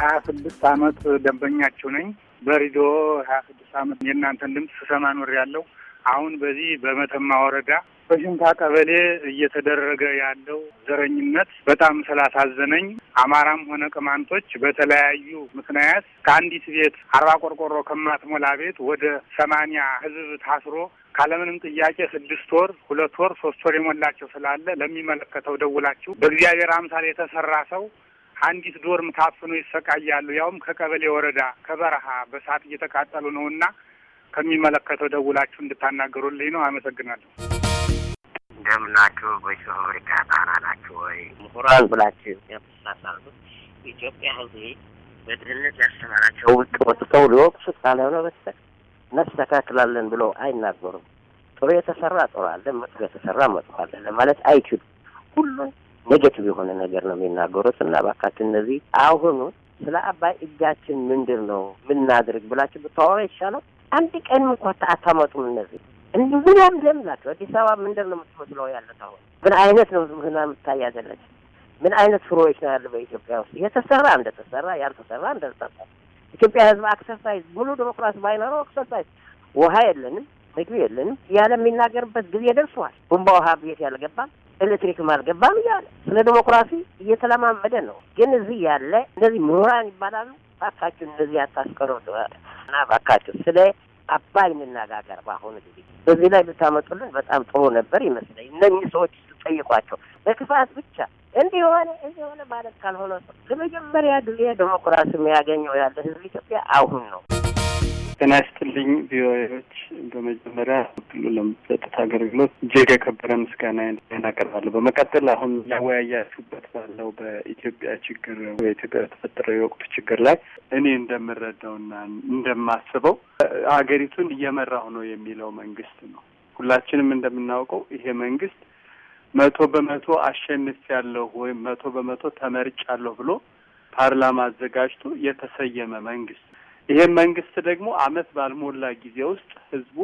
ሀያ ስድስት አመት ደንበኛችሁ ነኝ በሬዲዮ ሀያ ስድስት አመት የእናንተን ድምፅ ስሰማ ኖር ያለው አሁን በዚህ በመተማ ወረዳ በሽንታ ቀበሌ እየተደረገ ያለው ዘረኝነት በጣም ስላሳዘነኝ አማራም ሆነ ቅማንቶች በተለያዩ ምክንያት ከአንዲት ቤት አርባ ቆርቆሮ ከማትሞላ ቤት ወደ ሰማንያ ህዝብ ታስሮ ካለምንም ጥያቄ ስድስት ወር ሁለት ወር ሶስት ወር የሞላቸው ስላለ ለሚመለከተው ደውላችሁ በእግዚአብሔር አምሳል የተሰራ ሰው አንዲት ዶርም ታፍኖ ይሰቃያሉ። ያውም ከቀበሌ ወረዳ ከበረሃ በሳት እየተቃጠሉ ነው እና ከሚመለከተው ደውላችሁ እንድታናገሩልኝ ነው። አመሰግናለሁ። እንደምናችሁ ቮይስ ኦፍ አሜሪካ ጣና ናችሁ ወይ ምሁራን ብላችሁ ያሳሳሉት ኢትዮጵያ ሕዝብ በድህነት ያስተማራቸው ውጭ ወጥተው ሊወቅሱት ካልሆነ በስተቀር እናስተካክላለን ብሎ አይናገሩም። ጥሩ የተሰራ ጥሩ አለ፣ መጥፎ የተሰራ መጥፎ አለ ለማለት አይችሉም። ሁሉን ኔጌቲቭ የሆነ ነገር ነው የሚናገሩት እና እባካችሁ እነዚህ አሁኑ ስለ አባይ እጃችን ምንድን ነው ምናድርግ ብላችሁ ብታወራ ይሻላል። አንድ ቀን እንኳ አታመጡም። እነዚህ እንዲ ለምለም ናቸው። አዲስ አበባ ምንድን ነው የምትመስለው ያለት? አሁን ምን አይነት ነው ህዝብህና የምታያዘለች ምን አይነት ፍሮዎች ነው ያለ በኢትዮጵያ ውስጥ የተሰራ እንደተሰራ ያልተሰራ እንደተሰራ ኢትዮጵያ ህዝብ አክሰርሳይዝ ሙሉ ዲሞክራሲ ባይኖረው አክሰርሳይዝ ውሀ የለንም ምግብ የለንም ያለ የሚናገርበት ጊዜ ደርሰዋል። ቡንባ ውሀ ቤት ያልገባም ኤሌክትሪክም አልገባም እያለ ስለ ዲሞክራሲ እየተለማመደ ነው። ግን እዚህ ያለ እንደዚህ ምሁራን ይባላሉ። ባካችሁ እነዚህ አታስቀሩ እና ባካችሁ ስለ አባይ እንነጋገር። በአሁኑ ጊዜ በዚህ ላይ ብታመጡልን በጣም ጥሩ ነበር ይመስለኝ። እነኚህ ሰዎች ስትጠይቋቸው በክፋት ብቻ እንዲሆነ የሆነ ማለት ካልሆነ ለመጀመሪያ ጊዜ ዲሞክራሲ የሚያገኘው ያለ ህዝብ ኢትዮጵያ አሁን ነው። ጤና ይስጥልኝ ቪኦኤዎች፣ በመጀመሪያ ክሉ ለምትሰጡት አገልግሎት እጅግ የከበረ ምስጋና እናቀርባለሁ። በመቀጠል አሁን ያወያያችሁበት ባለው በኢትዮጵያ ችግር በኢትዮጵያ በተፈጠረው የወቅቱ ችግር ላይ እኔ እንደምረዳውና እንደማስበው አገሪቱን እየመራሁ ነው የሚለው መንግስት ነው። ሁላችንም እንደምናውቀው ይሄ መንግስት መቶ በመቶ አሸንፊያለሁ ወይም መቶ በመቶ ተመርጫለሁ ብሎ ፓርላማ አዘጋጅቶ የተሰየመ መንግስት ይሄ መንግስት ደግሞ አመት ባልሞላ ጊዜ ውስጥ ህዝቡ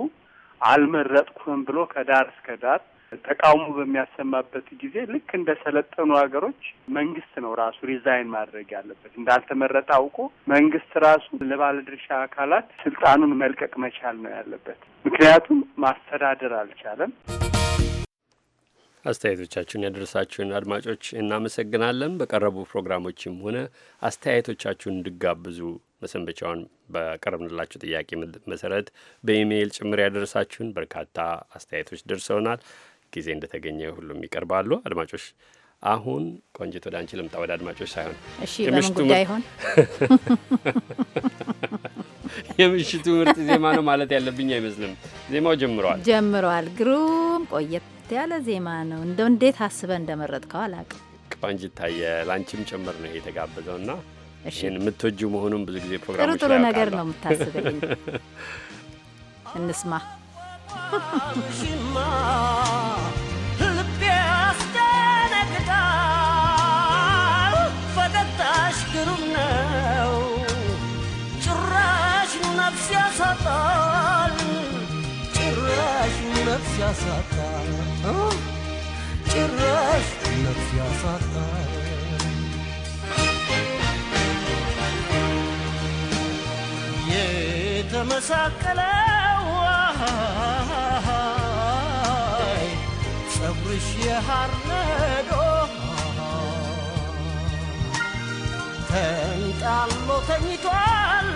አልመረጥኩም ብሎ ከዳር እስከ ዳር ተቃውሞ በሚያሰማበት ጊዜ ልክ እንደ ሰለጠኑ ሀገሮች መንግስት ነው ራሱ ሪዛይን ማድረግ ያለበት። እንዳልተመረጠ አውቆ መንግስት ራሱ ለባለድርሻ አካላት ስልጣኑን መልቀቅ መቻል ነው ያለበት። ምክንያቱም ማስተዳደር አልቻለም። አስተያየቶቻችሁን ያደረሳችሁን አድማጮች እናመሰግናለን። በቀረቡ ፕሮግራሞችም ሆነ አስተያየቶቻችሁን እንድጋብዙ መሰንበቻውን በቀረብንላችሁ ጥያቄ መሰረት በኢሜይል ጭምር ያደረሳችሁን በርካታ አስተያየቶች ደርሰውናል። ጊዜ እንደተገኘ ሁሉም ይቀርባሉ። አድማጮች አሁን ቆንጅት ወደ አንቺ ልምጣ። ወደ አድማጮች ሳይሆን የምሽቱ የምሽቱ ምርጥ ዜማ ነው ማለት ያለብኝ አይመስልም። ዜማው ጀምረዋል ጀምረዋል። ግሩም ቆየት ያለ ዜማ ነው። እንደ እንዴት አስበ እንደመረጥከው አላውቅም። ቆንጅት ታየ፣ ላንቺም ጭምር ነው የተጋበዘው ና። ይህን የምትወጂው መሆኑን ብዙ ጊዜ ፕሮግራም ጥሩ ጥሩ ነገር ነው የምታስበኝ። እንስማ ልቤ ያስደነግጣል። ፈገግታሽ ግሩም ነው። ጭራሽ ነፍስ ያሳጣል። ጭራሽ ነፍስ ያሳጣል። ጭራሽ ነፍስ ያሳጣል። ከመሳቀለው ጸጉርሽ የሐር ነዶ ተንጣሎ ተኝቷል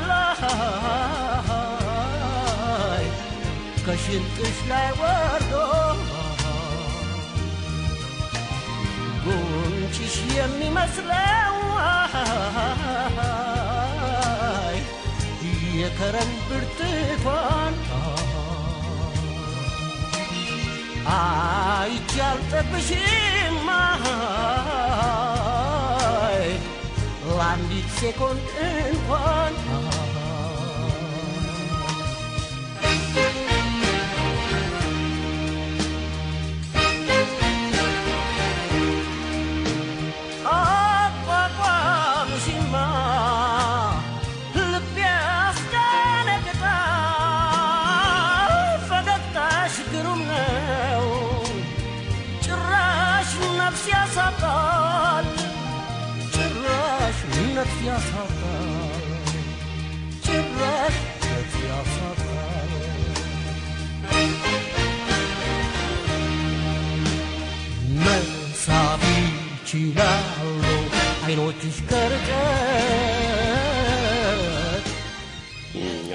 ከሽንጥሽ ላይ ወርዶ ጉንጭሽ የሚመስለው የከረን ብርቱካን አይቼ አልጠብሽም ለአንዲት ሴኮንድ እንኳን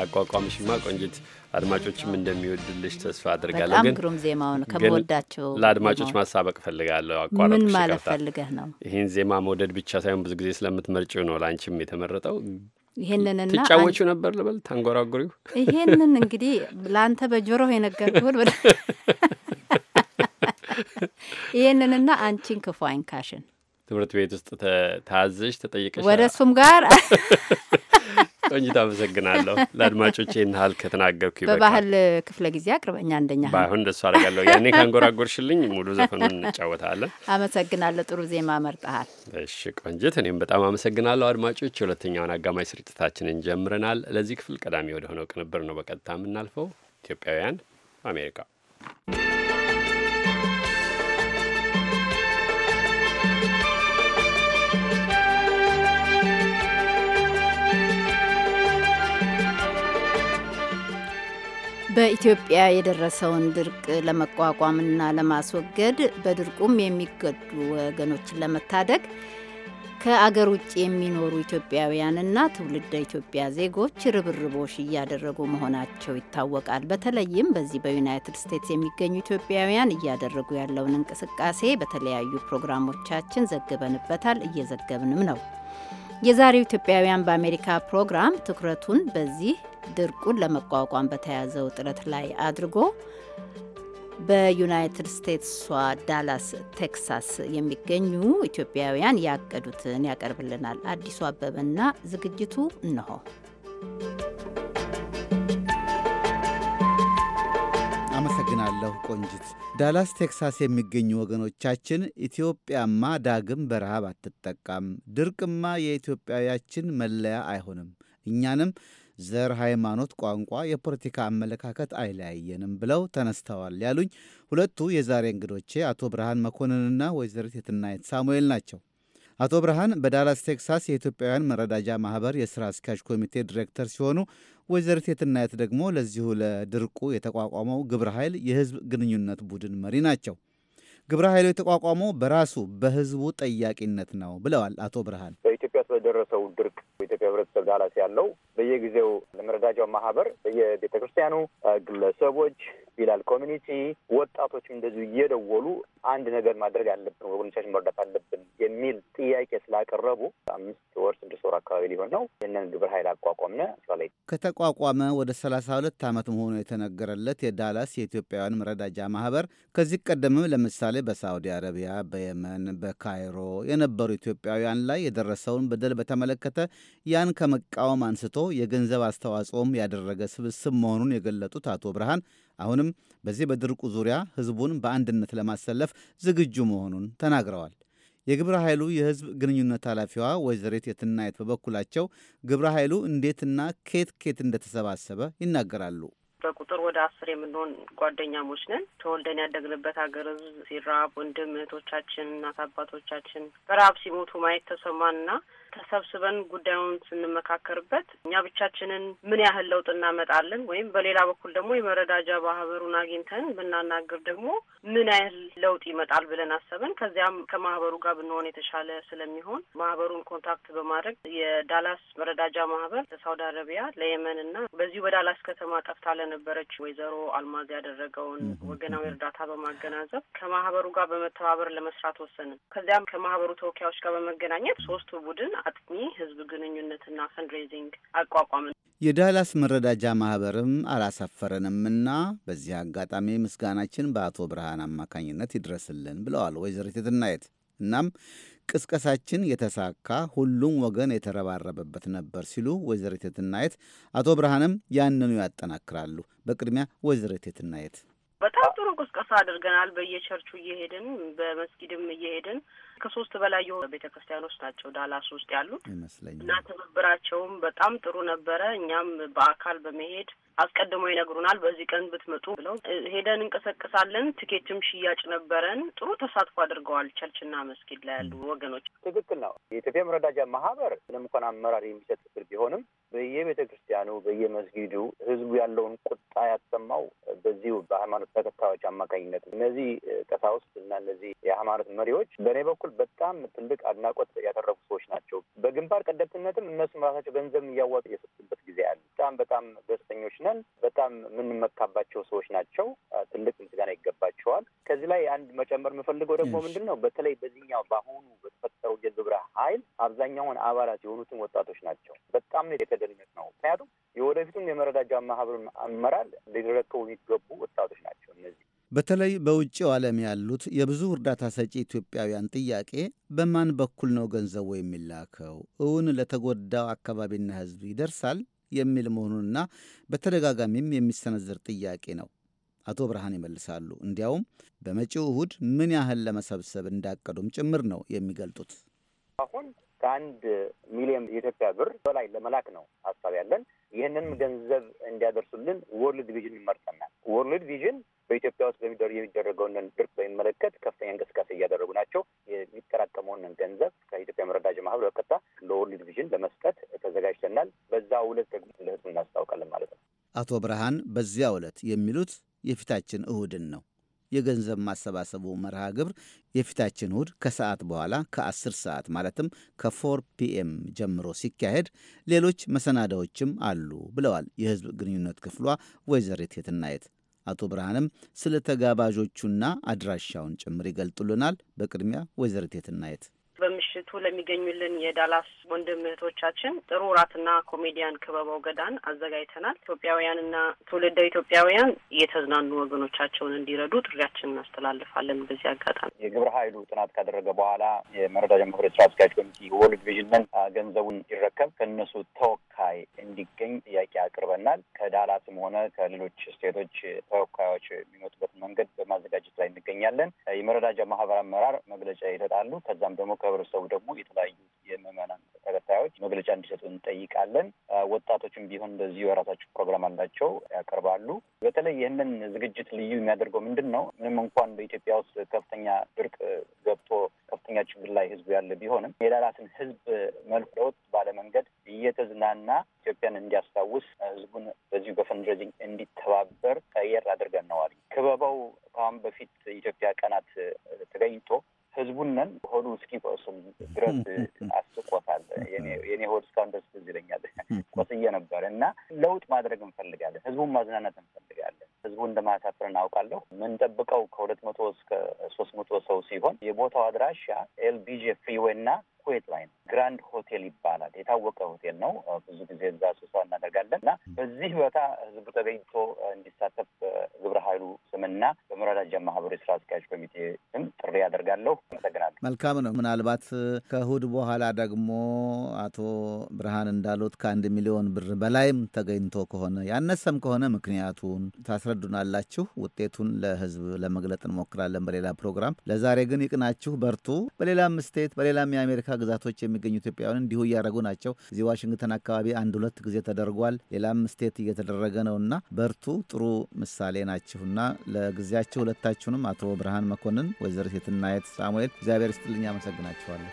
አቋቋምሽማ ቆንጅት አድማጮችም እንደሚወድልሽ ተስፋ አድርጋለሁ። በጣም ግሩም ዜማው ነው ከምወዳቸው። ለአድማጮች ማሳበቅ ፈልጋለሁ። አቋራጭ ምን ማለት ፈልገህ ነው? ይህን ዜማ መውደድ ብቻ ሳይሆን ብዙ ጊዜ ስለምትመርጭው ነው ለአንቺም የተመረጠው። ይሄንንና ትጫወቹ ነበር ልበል፣ ታንጎራጉሪው። ይህንን እንግዲህ ለአንተ በጆሮ የነገርኩህን ይህንንና አንቺን ክፉ አይንካሽን ትምህርት ቤት ውስጥ ታዘሽ ተጠይቀሽ ወደ እሱም ጋር ቆንጅት፣ አመሰግናለሁ። ለአድማጮች ይህን ህል ከተናገርኩ ይበቃል። በባህል ክፍለ ጊዜ አቅርበኛ አንደኛ ባይሆን እንደሱ አደርጋለሁ። ያኔ ካንጎራጎርሽልኝ ሙሉ ዘፈኑን እንጫወታለን። አመሰግናለሁ። ጥሩ ዜማ መርጠሃል። እሺ ቆንጅት፣ እኔም በጣም አመሰግናለሁ። አድማጮች፣ የሁለተኛውን አጋማሽ ስርጭታችንን ጀምረናል። ለዚህ ክፍል ቀዳሚ ወደ ሆነው ቅንብር ነው በቀጥታ የምናልፈው ኢትዮጵያውያን አሜሪካ በኢትዮጵያ የደረሰውን ድርቅ ለመቋቋምና ለማስወገድ በድርቁም የሚገዱ ወገኖችን ለመታደግ ከአገር ውጭ የሚኖሩ ኢትዮጵያውያንና ትውልደ ኢትዮጵያ ዜጎች ርብርቦሽ እያደረጉ መሆናቸው ይታወቃል። በተለይም በዚህ በዩናይትድ ስቴትስ የሚገኙ ኢትዮጵያውያን እያደረጉ ያለውን እንቅስቃሴ በተለያዩ ፕሮግራሞቻችን ዘግበንበታል፣ እየዘገብንም ነው። የዛሬው ኢትዮጵያውያን በአሜሪካ ፕሮግራም ትኩረቱን በዚህ ድርቁን ለመቋቋም በተያዘው ጥረት ላይ አድርጎ በዩናይትድ ስቴትስዋ ዳላስ ቴክሳስ የሚገኙ ኢትዮጵያውያን ያቀዱትን ያቀርብልናል። አዲሱ አበበና ዝግጅቱ እንሆ። አመሰግናለሁ ቆንጅት። ዳላስ ቴክሳስ የሚገኙ ወገኖቻችን ኢትዮጵያማ ዳግም በረሃብ አትጠቃም፣ ድርቅማ የኢትዮጵያውያችን መለያ አይሆንም፣ እኛንም ዘር፣ ሃይማኖት፣ ቋንቋ፣ የፖለቲካ አመለካከት አይለያየንም ብለው ተነስተዋል ያሉኝ ሁለቱ የዛሬ እንግዶቼ አቶ ብርሃን መኮንንና ወይዘሪት የትናየት ሳሙኤል ናቸው። አቶ ብርሃን በዳላስ ቴክሳስ የኢትዮጵያውያን መረዳጃ ማህበር የሥራ አስኪያጅ ኮሚቴ ዲሬክተር ሲሆኑ ወይዘሪት የትናየት ደግሞ ለዚሁ ለድርቁ የተቋቋመው ግብረ ኃይል የህዝብ ግንኙነት ቡድን መሪ ናቸው። ግብረ ኃይሉ የተቋቋመው በራሱ በህዝቡ ጠያቂነት ነው ብለዋል አቶ ብርሃን። በኢትዮጵያ ስለደረሰው ድርቅ በኢትዮጵያ ህብረተሰብ ዳላስ ያለው በየጊዜው ለመረዳጃው ማህበር በየቤተ ክርስቲያኑ ግለሰቦች፣ ቢላል ኮሚኒቲ፣ ወጣቶችም እንደዚሁ እየደወሉ አንድ ነገር ማድረግ አለብን፣ ወገኖቻችን መርዳት አለብን የሚል ጥያቄ ስላቀረቡ አምስት ወር ስድስት ወር አካባቢ ሊሆን ነው ይህንን ግብረ ኃይል አቋቋምነ። ላይ ከተቋቋመ ወደ ሰላሳ ሁለት ዓመት መሆኑ የተነገረለት የዳላስ የኢትዮጵያውያን መረዳጃ ማህበር ከዚህ ቀደምም ለምሳሌ በሳዑዲ አረቢያ፣ በየመን፣ በካይሮ የነበሩ ኢትዮጵያውያን ላይ የደረሰውን በደል በተመለከተ ያን ከመቃወም አንስቶ የገንዘብ አስተዋጽኦም ያደረገ ስብስብ መሆኑን የገለጡት አቶ ብርሃን አሁንም በዚህ በድርቁ ዙሪያ ህዝቡን በአንድነት ለማሰለፍ ዝግጁ መሆኑን ተናግረዋል። የግብረ ኃይሉ የህዝብ ግንኙነት ኃላፊዋ ወይዘሪት የትናየት በበኩላቸው ግብረ ኃይሉ እንዴትና ኬት ኬት እንደተሰባሰበ ይናገራሉ። በቁጥር ወደ አስር የምንሆን ጓደኛሞች ነን። ተወልደን ያደግንበት ሀገር ህዝብ ሲራብ ወንድም እህቶቻችን፣ እናት አባቶቻችን በረሀብ ሲሞቱ ማየት ተሰማንና ተሰብስበን ጉዳዩን ስንመካከርበት እኛ ብቻችንን ምን ያህል ለውጥ እናመጣለን ወይም በሌላ በኩል ደግሞ የመረዳጃ ማህበሩን አግኝተን ብናናግር ደግሞ ምን ያህል ለውጥ ይመጣል ብለን አሰብን። ከዚያም ከማህበሩ ጋር ብንሆን የተሻለ ስለሚሆን ማህበሩን ኮንታክት በማድረግ የዳላስ መረዳጃ ማህበር ለሳውዲ አረቢያ፣ ለየመን እና በዚሁ በዳላስ ከተማ ጠፍታ ለነበረች ወይዘሮ አልማዝ ያደረገውን ወገናዊ እርዳታ በማገናዘብ ከማህበሩ ጋር በመተባበር ለመስራት ወሰንን። ከዚያም ከማህበሩ ተወካዮች ጋር በመገናኘት ሶስቱ ቡድን አጥኚ ህዝብ ግንኙነትና ፈንድሬዚንግ አቋቋምን። የዳላስ መረዳጃ ማህበርም አላሳፈረንምና በዚህ አጋጣሚ ምስጋናችን በአቶ ብርሃን አማካኝነት ይድረስልን ብለዋል ወይዘሮ ትናየት። እናም ቅስቀሳችን የተሳካ ሁሉም ወገን የተረባረበበት ነበር ሲሉ ወይዘሮ ትናየት፣ አቶ ብርሃንም ያንኑ ያጠናክራሉ። በቅድሚያ ወይዘሮ ትናየት በጣም ጥሩ ቅስቀሳ አድርገናል። በየቸርቹ እየሄድን በመስጊድም እየሄድን ከሶስት በላይ የሆኑ ቤተ ክርስቲያኖች ናቸው ዳላስ ውስጥ ያሉት ይመስለኛል። እና ትብብራቸውም በጣም ጥሩ ነበረ። እኛም በአካል በመሄድ አስቀድሞ ይነግሩናል። በዚህ ቀን ብትመጡ ብለው ሄደን እንቀሰቀሳለን። ትኬትም ሽያጭ ነበረን። ጥሩ ተሳትፎ አድርገዋል ቸርችና መስጊድ ላይ ያሉ ወገኖች። ትክክል ነው። የኢትዮጵያ መረዳጃ ማህበር ምንም እንኳን አመራር የሚሰጥ ክፍል ቢሆንም በየቤተ ክርስቲያኑ በየመስጊዱ ህዝቡ ያለውን ቁጣ ያሰማው በዚሁ በሃይማኖት ተከታዮች አማካኝነት እነዚህ ቀሳውስት እና እነዚህ የሃይማኖት መሪዎች በእኔ በኩል በኩል በጣም ትልቅ አድናቆት ያደረጉ ሰዎች ናቸው። በግንባር ቀደምትነትም እነሱም ራሳቸው ገንዘብ እያዋጡ የሰጡበት ጊዜ አለ። በጣም በጣም ደስተኞች ነን። በጣም የምንመካባቸው ሰዎች ናቸው። ትልቅ ምስጋና ይገባቸዋል። ከዚህ ላይ አንድ መጨመር የምፈልገው ደግሞ ምንድን ነው በተለይ በዚህኛው በአሁኑ በተፈጠረው የግብረ ኃይል አብዛኛውን አባላት የሆኑትን ወጣቶች ናቸው። በጣም ነው የተደነቅ ነው። ምክንያቱም የወደፊቱን የመረዳጃ ማህበሩን አመራር ሊረከቡ የሚገቡ ወጣቶች ናቸው እነዚህ በተለይ በውጭው ዓለም ያሉት የብዙ እርዳታ ሰጪ ኢትዮጵያውያን ጥያቄ በማን በኩል ነው ገንዘቡ የሚላከው፣ እውን ለተጎዳው አካባቢና ሕዝብ ይደርሳል የሚል መሆኑንና በተደጋጋሚም የሚሰነዘር ጥያቄ ነው። አቶ ብርሃን ይመልሳሉ። እንዲያውም በመጪው እሁድ ምን ያህል ለመሰብሰብ እንዳቀዱም ጭምር ነው የሚገልጡት። አሁን ከአንድ ሚሊዮን የኢትዮጵያ ብር በላይ ለመላክ ነው ሀሳብ ያለን። ይህንንም ገንዘብ እንዲያደርሱልን ወርልድ ቪዥን ይመርጠናል። ወርልድ ቪዥን በኢትዮጵያ ውስጥ የሚደረገውን ድርቅ በሚመለከት ከፍተኛ እንቅስቃሴ እያደረጉ ናቸው። የሚጠራቀመውን ገንዘብ ከኢትዮጵያ መረዳጃ ማህበር በቀጥታ ለወርልድ ቪዥን ለመስጠት ተዘጋጅተናል። በዛ ዕለት ደግሞ ለህዝቡ እናስታውቃለን ማለት ነው። አቶ ብርሃን በዚያ ዕለት የሚሉት የፊታችን እሁድን ነው። የገንዘብ ማሰባሰቡ መርሃ ግብር የፊታችን እሁድ ከሰዓት በኋላ ከ10 ሰዓት ማለትም ከ4 ፒኤም ጀምሮ ሲካሄድ ሌሎች መሰናዳዎችም አሉ ብለዋል የህዝብ ግንኙነት ክፍሏ ወይዘሪት የትናየት። አቶ ብርሃንም ስለ ተጋባዦቹና አድራሻውን ጭምር ይገልጡልናል። በቅድሚያ ወይዘሪት የትናየት በየሳምንቱ ለሚገኙልን የዳላስ ወንድም እህቶቻችን ጥሩ እራትና ኮሜዲያን ክበበው ገዳን አዘጋጅተናል። ኢትዮጵያውያንና ትውልደ ኢትዮጵያውያን እየተዝናኑ ወገኖቻቸውን እንዲረዱ ጥሪያችን እናስተላልፋለን። በዚህ አጋጣሚ የግብረ ኃይሉ ጥናት ካደረገ በኋላ የመረዳ ጀምሁር ስራ አስኪያጅ ኮሚቴ ወርልድ ቪዥን መን ገንዘቡን ይረከብ ከእነሱ ተወካይ እንዲገኝ ጥያቄ አቅርበናል። ከዳላስም ሆነ ከሌሎች ስቴቶች ተወካዮች የሚመጡበት መንገድ በማዘጋጀት ላይ እንገኛለን። የመረዳጃ ማህበር አመራር መግለጫ ይሰጣሉ። ከዛም ደግሞ ከህብረተሰቡ ደግሞ የተለያዩ የምዕመናን ተከታዮች መግለጫ እንዲሰጡ እንጠይቃለን። ወጣቶችም ቢሆን በዚሁ የራሳቸው ፕሮግራም አላቸው ያቀርባሉ። በተለይ ይህንን ዝግጅት ልዩ የሚያደርገው ምንድን ነው? ምንም እንኳን በኢትዮጵያ ውስጥ ከፍተኛ ድርቅ ገብቶ ከፍተኛ ችግር ላይ ህዝቡ ያለ ቢሆንም የዳላትን ህዝብ መልክ ለውጥ ባለመንገድ እየተዝናና ኢትዮጵያን እንዲያስታውስ ህዝቡን በዚሁ በፈንድሬዚንግ እንዲተባበር ቀየር አድርገን ነዋል። ክበባው ከአሁን በፊት ኢትዮጵያ ቀናት ተገኝቶ ህዝቡን ነን ሆዱ ቆስም ድረስ አስቆታል። የኔ ሆድ እስካሁን ድረስ ትዝ ይለኛል ቆስዬ ነበር። እና ለውጥ ማድረግ እንፈልጋለን። ህዝቡን ማዝናናት እንፈልጋለን። ህዝቡ እንደማያሳፍር እናውቃለሁ። የምንጠብቀው ከሁለት መቶ እስከ ሶስት መቶ ሰው ሲሆን የቦታው አድራሻ ኤልቢጄ ፍሪዌይ እና ኩዌት ላይ ነው። ግራንድ ሆቴል ይባላል። የታወቀ ሆቴል ነው። ብዙ ጊዜ እዛ ስብሰባ እናደርጋለን እና በዚህ ቦታ ህዝቡ ተገኝቶ እንዲሳተፍ ግብረ ኃይሉ ስምና በመረዳጃ ማህበሩ የስራ አስኪያጅ ኮሚቴ ስም ጥሪ ያደርጋለሁ። አመሰግናለሁ። መልካም ነው። ምናልባት ከእሁድ በኋላ ደግሞ አቶ ብርሃን እንዳሉት ከአንድ ሚሊዮን ብር በላይም ተገኝቶ ከሆነ ያነሰም ከሆነ ምክንያቱን ታስረዱናላችሁ። ውጤቱን ለህዝብ ለመግለጥ እንሞክራለን በሌላ ፕሮግራም። ለዛሬ ግን ይቅናችሁ፣ በርቱ። በሌላም ስቴት በሌላም የአሜሪካ ግዛቶች የሚገኙ ኢትዮጵያውያን እንዲሁ እያደረጉ ናቸው። እዚህ ዋሽንግተን አካባቢ አንድ ሁለት ጊዜ ተደርጓል። ሌላም ስቴት እየተደረገ እና በርቱ። ጥሩ ምሳሌ ናችሁና ለጊዜያቸው ሁለታችሁንም፣ አቶ ብርሃን መኮንን፣ ወይዘሪት የትናየት ሳሙኤል እግዚአብሔር ይስጥልኝ። አመሰግናችኋለሁ።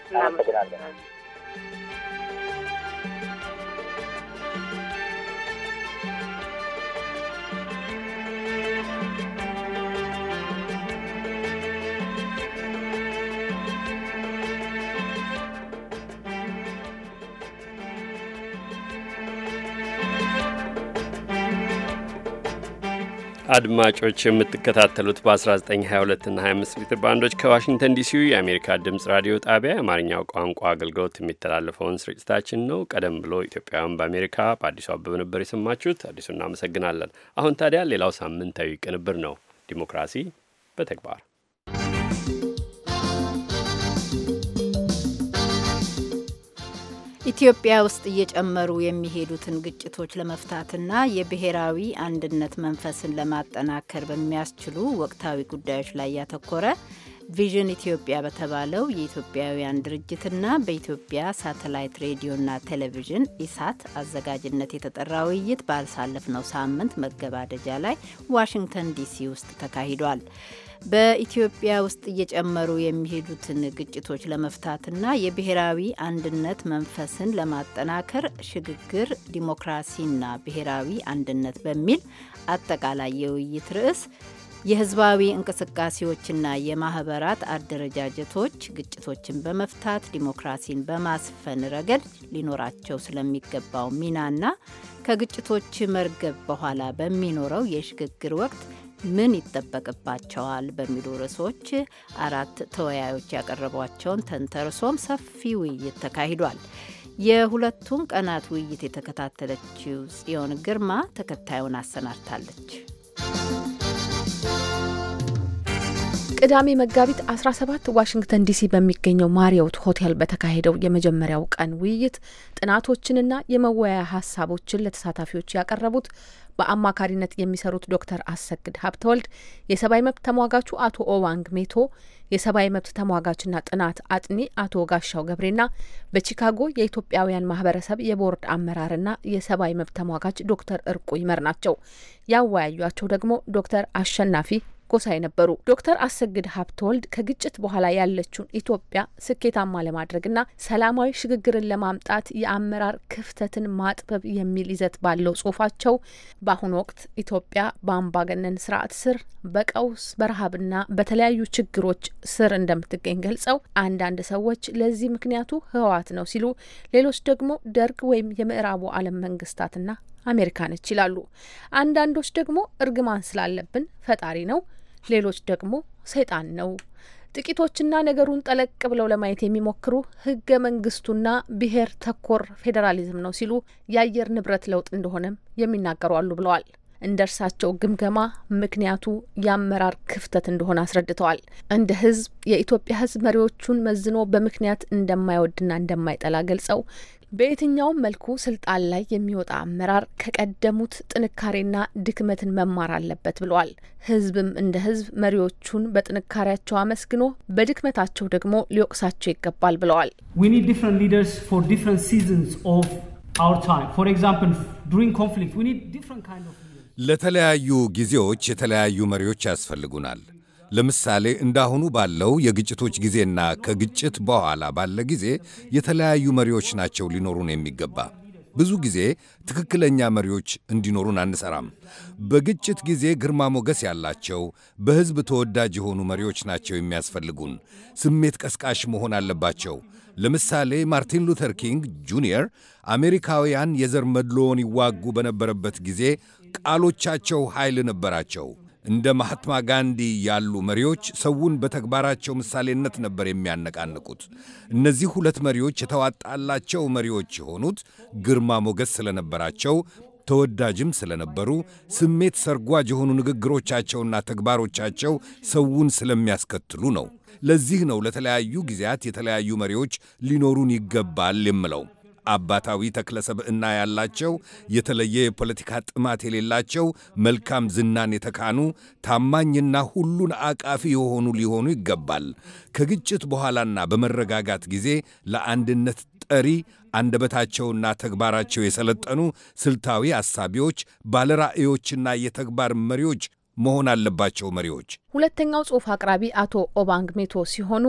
አድማጮች የምትከታተሉት በ1922 እና 25 ሜትር ባንዶች ከዋሽንግተን ዲሲ የአሜሪካ ድምፅ ራዲዮ ጣቢያ የአማርኛው ቋንቋ አገልግሎት የሚተላለፈውን ስርጭታችን ነው። ቀደም ብሎ ኢትዮጵያውያን በአሜሪካ በአዲሱ አበበ ነበር የሰማችሁት። አዲሱ እናመሰግናለን። አሁን ታዲያ ሌላው ሳምንታዊ ቅንብር ነው ዲሞክራሲ በተግባር ኢትዮጵያ ውስጥ እየጨመሩ የሚሄዱትን ግጭቶች ለመፍታትና የብሔራዊ አንድነት መንፈስን ለማጠናከር በሚያስችሉ ወቅታዊ ጉዳዮች ላይ ያተኮረ ቪዥን ኢትዮጵያ በተባለው የኢትዮጵያውያን ድርጅትና በኢትዮጵያ ሳተላይት ሬዲዮና ቴሌቪዥን ኢሳት አዘጋጅነት የተጠራ ውይይት ባሳለፍነው ሳምንት መገባደጃ ላይ ዋሽንግተን ዲሲ ውስጥ ተካሂዷል። በኢትዮጵያ ውስጥ እየጨመሩ የሚሄዱትን ግጭቶች ለመፍታትና የብሔራዊ አንድነት መንፈስን ለማጠናከር ሽግግር፣ ዲሞክራሲና ብሔራዊ አንድነት በሚል አጠቃላይ የውይይት ርዕስ የህዝባዊ እንቅስቃሴዎችና የማህበራት አደረጃጀቶች ግጭቶችን በመፍታት ዲሞክራሲን በማስፈን ረገድ ሊኖራቸው ስለሚገባው ሚናና ከግጭቶች መርገብ በኋላ በሚኖረው የሽግግር ወቅት ምን ይጠበቅባቸዋል በሚሉ ርዕሶች አራት ተወያዮች ያቀረቧቸውን ተንተርሶም ሰፊ ውይይት ተካሂዷል። የሁለቱን ቀናት ውይይት የተከታተለችው ጽዮን ግርማ ተከታዩን አሰናድታለች። ቅዳሜ መጋቢት 17 ዋሽንግተን ዲሲ በሚገኘው ማሪዮት ሆቴል በተካሄደው የመጀመሪያው ቀን ውይይት ጥናቶችንና የመወያያ ሀሳቦችን ለተሳታፊዎች ያቀረቡት በአማካሪነት የሚሰሩት ዶክተር አሰግድ ሀብተወልድ፣ የሰብአዊ መብት ተሟጋቹ አቶ ኦዋንግ ሜቶ፣ የሰብአዊ መብት ተሟጋችና ጥናት አጥኒ አቶ ጋሻው ገብሬና በቺካጎ የኢትዮጵያውያን ማህበረሰብ የቦርድ አመራርና የሰብአዊ መብት ተሟጋች ዶክተር እርቁ ይመር ናቸው። ያወያዩቸው ደግሞ ዶክተር አሸናፊ ጎሳዬ ነበሩ። ዶክተር አሰግድ ሀብተወልድ ከግጭት በኋላ ያለችውን ኢትዮጵያ ስኬታማ ለማድረግና ሰላማዊ ሽግግርን ለማምጣት የአመራር ክፍተትን ማጥበብ የሚል ይዘት ባለው ጽሁፋቸው በአሁኑ ወቅት ኢትዮጵያ በአምባገነን ስርዓት ስር በቀውስ በረሃብና በተለያዩ ችግሮች ስር እንደምትገኝ ገልጸው አንዳንድ ሰዎች ለዚህ ምክንያቱ ህወሓት ነው ሲሉ፣ ሌሎች ደግሞ ደርግ ወይም የምዕራቡ ዓለም መንግስታትና አሜሪካ ነች ይላሉ። አንዳንዶች ደግሞ እርግማን ስላለብን ፈጣሪ ነው ሌሎች ደግሞ ሰይጣን ነው። ጥቂቶችና ነገሩን ጠለቅ ብለው ለማየት የሚሞክሩ ህገ መንግስቱና ብሔር ተኮር ፌዴራሊዝም ነው ሲሉ የአየር ንብረት ለውጥ እንደሆነም የሚናገሩ አሉ ብለዋል። እንደ እርሳቸው ግምገማ ምክንያቱ የአመራር ክፍተት እንደሆነ አስረድተዋል። እንደ ህዝብ የኢትዮጵያ ህዝብ መሪዎቹን መዝኖ በምክንያት እንደማይወድና እንደማይጠላ ገልጸው በየትኛውም መልኩ ስልጣን ላይ የሚወጣ አመራር ከቀደሙት ጥንካሬና ድክመትን መማር አለበት ብለዋል። ህዝብም እንደ ህዝብ መሪዎቹን በጥንካሬያቸው አመስግኖ በድክመታቸው ደግሞ ሊወቅሳቸው ይገባል ብለዋል። ለተለያዩ ጊዜዎች የተለያዩ መሪዎች ያስፈልጉናል። ለምሳሌ እንዳሁኑ ባለው የግጭቶች ጊዜና ከግጭት በኋላ ባለ ጊዜ የተለያዩ መሪዎች ናቸው ሊኖሩን የሚገባ። ብዙ ጊዜ ትክክለኛ መሪዎች እንዲኖሩን አንሰራም። በግጭት ጊዜ ግርማ ሞገስ ያላቸው በሕዝብ ተወዳጅ የሆኑ መሪዎች ናቸው የሚያስፈልጉን። ስሜት ቀስቃሽ መሆን አለባቸው። ለምሳሌ ማርቲን ሉተር ኪንግ ጁኒየር አሜሪካውያን የዘር መድሎውን ይዋጉ በነበረበት ጊዜ ቃሎቻቸው ኃይል ነበራቸው። እንደ ማህትማ ጋንዲ ያሉ መሪዎች ሰውን በተግባራቸው ምሳሌነት ነበር የሚያነቃንቁት። እነዚህ ሁለት መሪዎች የተዋጣላቸው መሪዎች የሆኑት ግርማ ሞገስ ስለነበራቸው ተወዳጅም ስለነበሩ ስሜት ሰርጓጅ የሆኑ ንግግሮቻቸውና ተግባሮቻቸው ሰውን ስለሚያስከትሉ ነው። ለዚህ ነው ለተለያዩ ጊዜያት የተለያዩ መሪዎች ሊኖሩን ይገባል የምለው። አባታዊ ተክለሰብዕና ያላቸው የተለየ የፖለቲካ ጥማት የሌላቸው መልካም ዝናን የተካኑ ታማኝና ሁሉን አቃፊ የሆኑ ሊሆኑ ይገባል። ከግጭት በኋላና በመረጋጋት ጊዜ ለአንድነት ጠሪ አንደበታቸውና ተግባራቸው የሰለጠኑ ስልታዊ አሳቢዎች፣ ባለራዕዮችና የተግባር መሪዎች መሆን አለባቸው መሪዎች። ሁለተኛው ጽሑፍ አቅራቢ አቶ ኦባንግ ሜቶ ሲሆኑ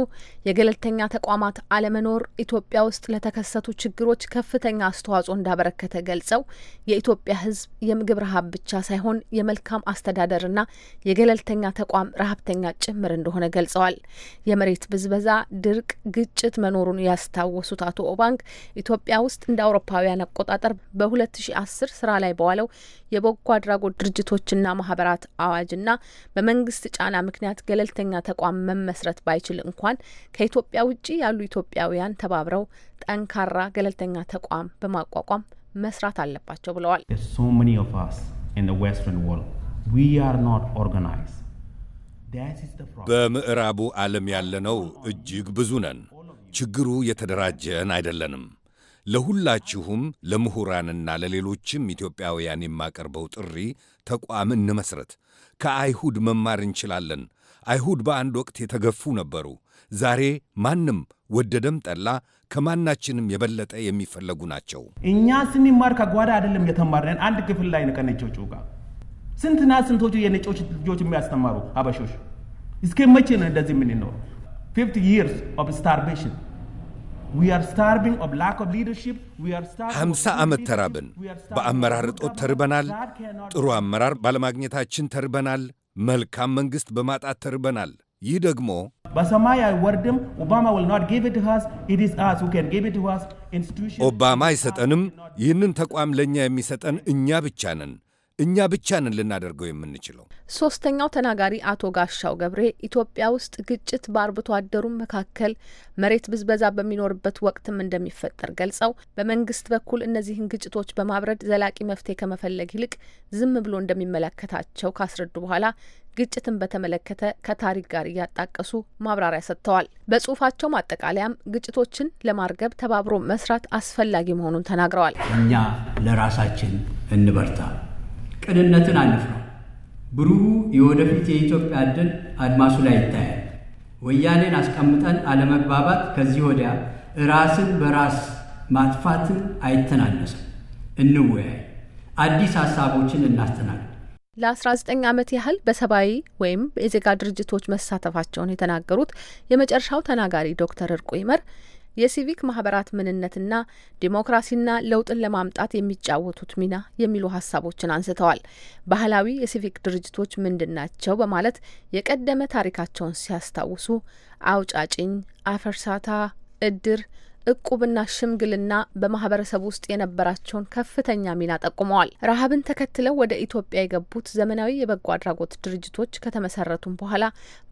የገለልተኛ ተቋማት አለመኖር ኢትዮጵያ ውስጥ ለተከሰቱ ችግሮች ከፍተኛ አስተዋጽኦ እንዳበረከተ ገልጸው የኢትዮጵያ ሕዝብ የምግብ ረሀብ ብቻ ሳይሆን የመልካም አስተዳደርና የገለልተኛ ተቋም ረሀብተኛ ጭምር እንደሆነ ገልጸዋል። የመሬት ብዝበዛ፣ ድርቅ፣ ግጭት መኖሩን ያስታወሱት አቶ ኦባንግ ኢትዮጵያ ውስጥ እንደ አውሮፓውያን አቆጣጠር በ2010 ስራ ላይ በዋለው የበጎ አድራጎት ድርጅቶችና ማህበራት አዋጅና በመንግስት ጫና ምክንያት ገለልተኛ ተቋም መመስረት ባይችል እንኳን ከኢትዮጵያ ውጭ ያሉ ኢትዮጵያውያን ተባብረው ጠንካራ ገለልተኛ ተቋም በማቋቋም መስራት አለባቸው ብለዋል። በምዕራቡ ዓለም ያለነው እጅግ ብዙ ነን። ችግሩ የተደራጀን አይደለንም። ለሁላችሁም ለምሁራንና ለሌሎችም ኢትዮጵያውያን የማቀርበው ጥሪ ተቋም እንመስረት፣ ከአይሁድ መማር እንችላለን። አይሁድ በአንድ ወቅት የተገፉ ነበሩ። ዛሬ ማንም ወደደም ጠላ ከማናችንም የበለጠ የሚፈለጉ ናቸው። እኛ ስንማር ከጓዳ አይደለም የተማርነን፣ አንድ ክፍል ላይ ከነጮቹ ጋር። ስንትና ስንቶቹ የነጮች ልጆች የሚያስተማሩ ሀበሾች። እስከ መቼ ነው እንደዚህ የምንኖረው? ፊፍቲ ይርስ ኦፍ ስታርቬሽን ሀምሳ ዓመት ተራብን። በአመራር እጦት ተርበናል። ጥሩ አመራር ባለማግኘታችን ተርበናል። መልካም መንግሥት በማጣት ተርበናል። ይህ ደግሞ በሰማይ አይወርድም። ኦባማ አይሰጠንም። ይህንን ተቋም ለእኛ የሚሰጠን እኛ ብቻ ነን። እኛ ነን ልናደርገው የምንችለው። ሶስተኛው ተናጋሪ አቶ ጋሻው ገብሬ ኢትዮጵያ ውስጥ ግጭት በአርብቶ አደሩም መካከል መሬት ብዝበዛ በሚኖርበት ወቅትም እንደሚፈጠር ገልጸው በመንግስት በኩል እነዚህን ግጭቶች በማብረድ ዘላቂ መፍትሄ ከመፈለግ ይልቅ ዝም ብሎ እንደሚመለከታቸው ካስረዱ በኋላ ግጭትን በተመለከተ ከታሪክ ጋር እያጣቀሱ ማብራሪያ ሰጥተዋል። በጽሁፋቸው ማጠቃለያም ግጭቶችን ለማርገብ ተባብሮ መስራት አስፈላጊ መሆኑን ተናግረዋል። እኛ ለራሳችን እንበርታ ቅንነትን አንፍራው። ብሩህ የወደፊት የኢትዮጵያ ዕድል አድማሱ ላይ ይታያል። ወያኔን አስቀምጠን አለመግባባት ከዚህ ወዲያ ራስን በራስ ማጥፋትን አይተናነስም። እንወያይ፣ አዲስ ሀሳቦችን እናስተናግድ። ለ19 ዓመት ያህል በሰብአዊ ወይም የዜጋ ድርጅቶች መሳተፋቸውን የተናገሩት የመጨረሻው ተናጋሪ ዶክተር እርቁ ይመር የሲቪክ ማህበራት ምንነትና ዲሞክራሲና ለውጥን ለማምጣት የሚጫወቱት ሚና የሚሉ ሀሳቦችን አንስተዋል። ባህላዊ የሲቪክ ድርጅቶች ምንድናቸው በማለት የቀደመ ታሪካቸውን ሲያስታውሱ አውጫጭኝ፣ አፈርሳታ፣ እድር፣ እቁብና ሽምግልና በማህበረሰብ ውስጥ የነበራቸውን ከፍተኛ ሚና ጠቁመዋል። ረሃብን ተከትለው ወደ ኢትዮጵያ የገቡት ዘመናዊ የበጎ አድራጎት ድርጅቶች ከተመሰረቱም በኋላ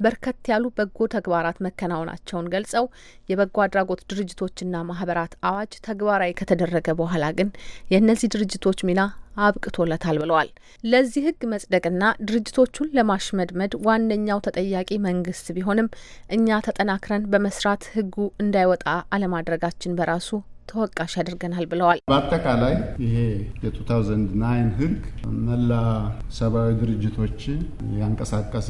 በርከት ያሉ በጎ ተግባራት መከናወናቸውን ገልጸው የበጎ አድራጎት ድርጅቶችና ማህበራት አዋጅ ተግባራዊ ከተደረገ በኋላ ግን የእነዚህ ድርጅቶች ሚና አብቅቶለታል ብለዋል። ለዚህ ህግ መጽደቅና ድርጅቶቹን ለማሽመድመድ ዋነኛው ተጠያቂ መንግስት ቢሆንም እኛ ተጠናክረን በመስራት ህጉ እንዳይወጣ አለማድረጋችን በራሱ ተወቃሽ ያደርገናል ብለዋል። በአጠቃላይ ይሄ የ2009 ህግ መላ ሰብአዊ ድርጅቶች ያንቀሳቀሰ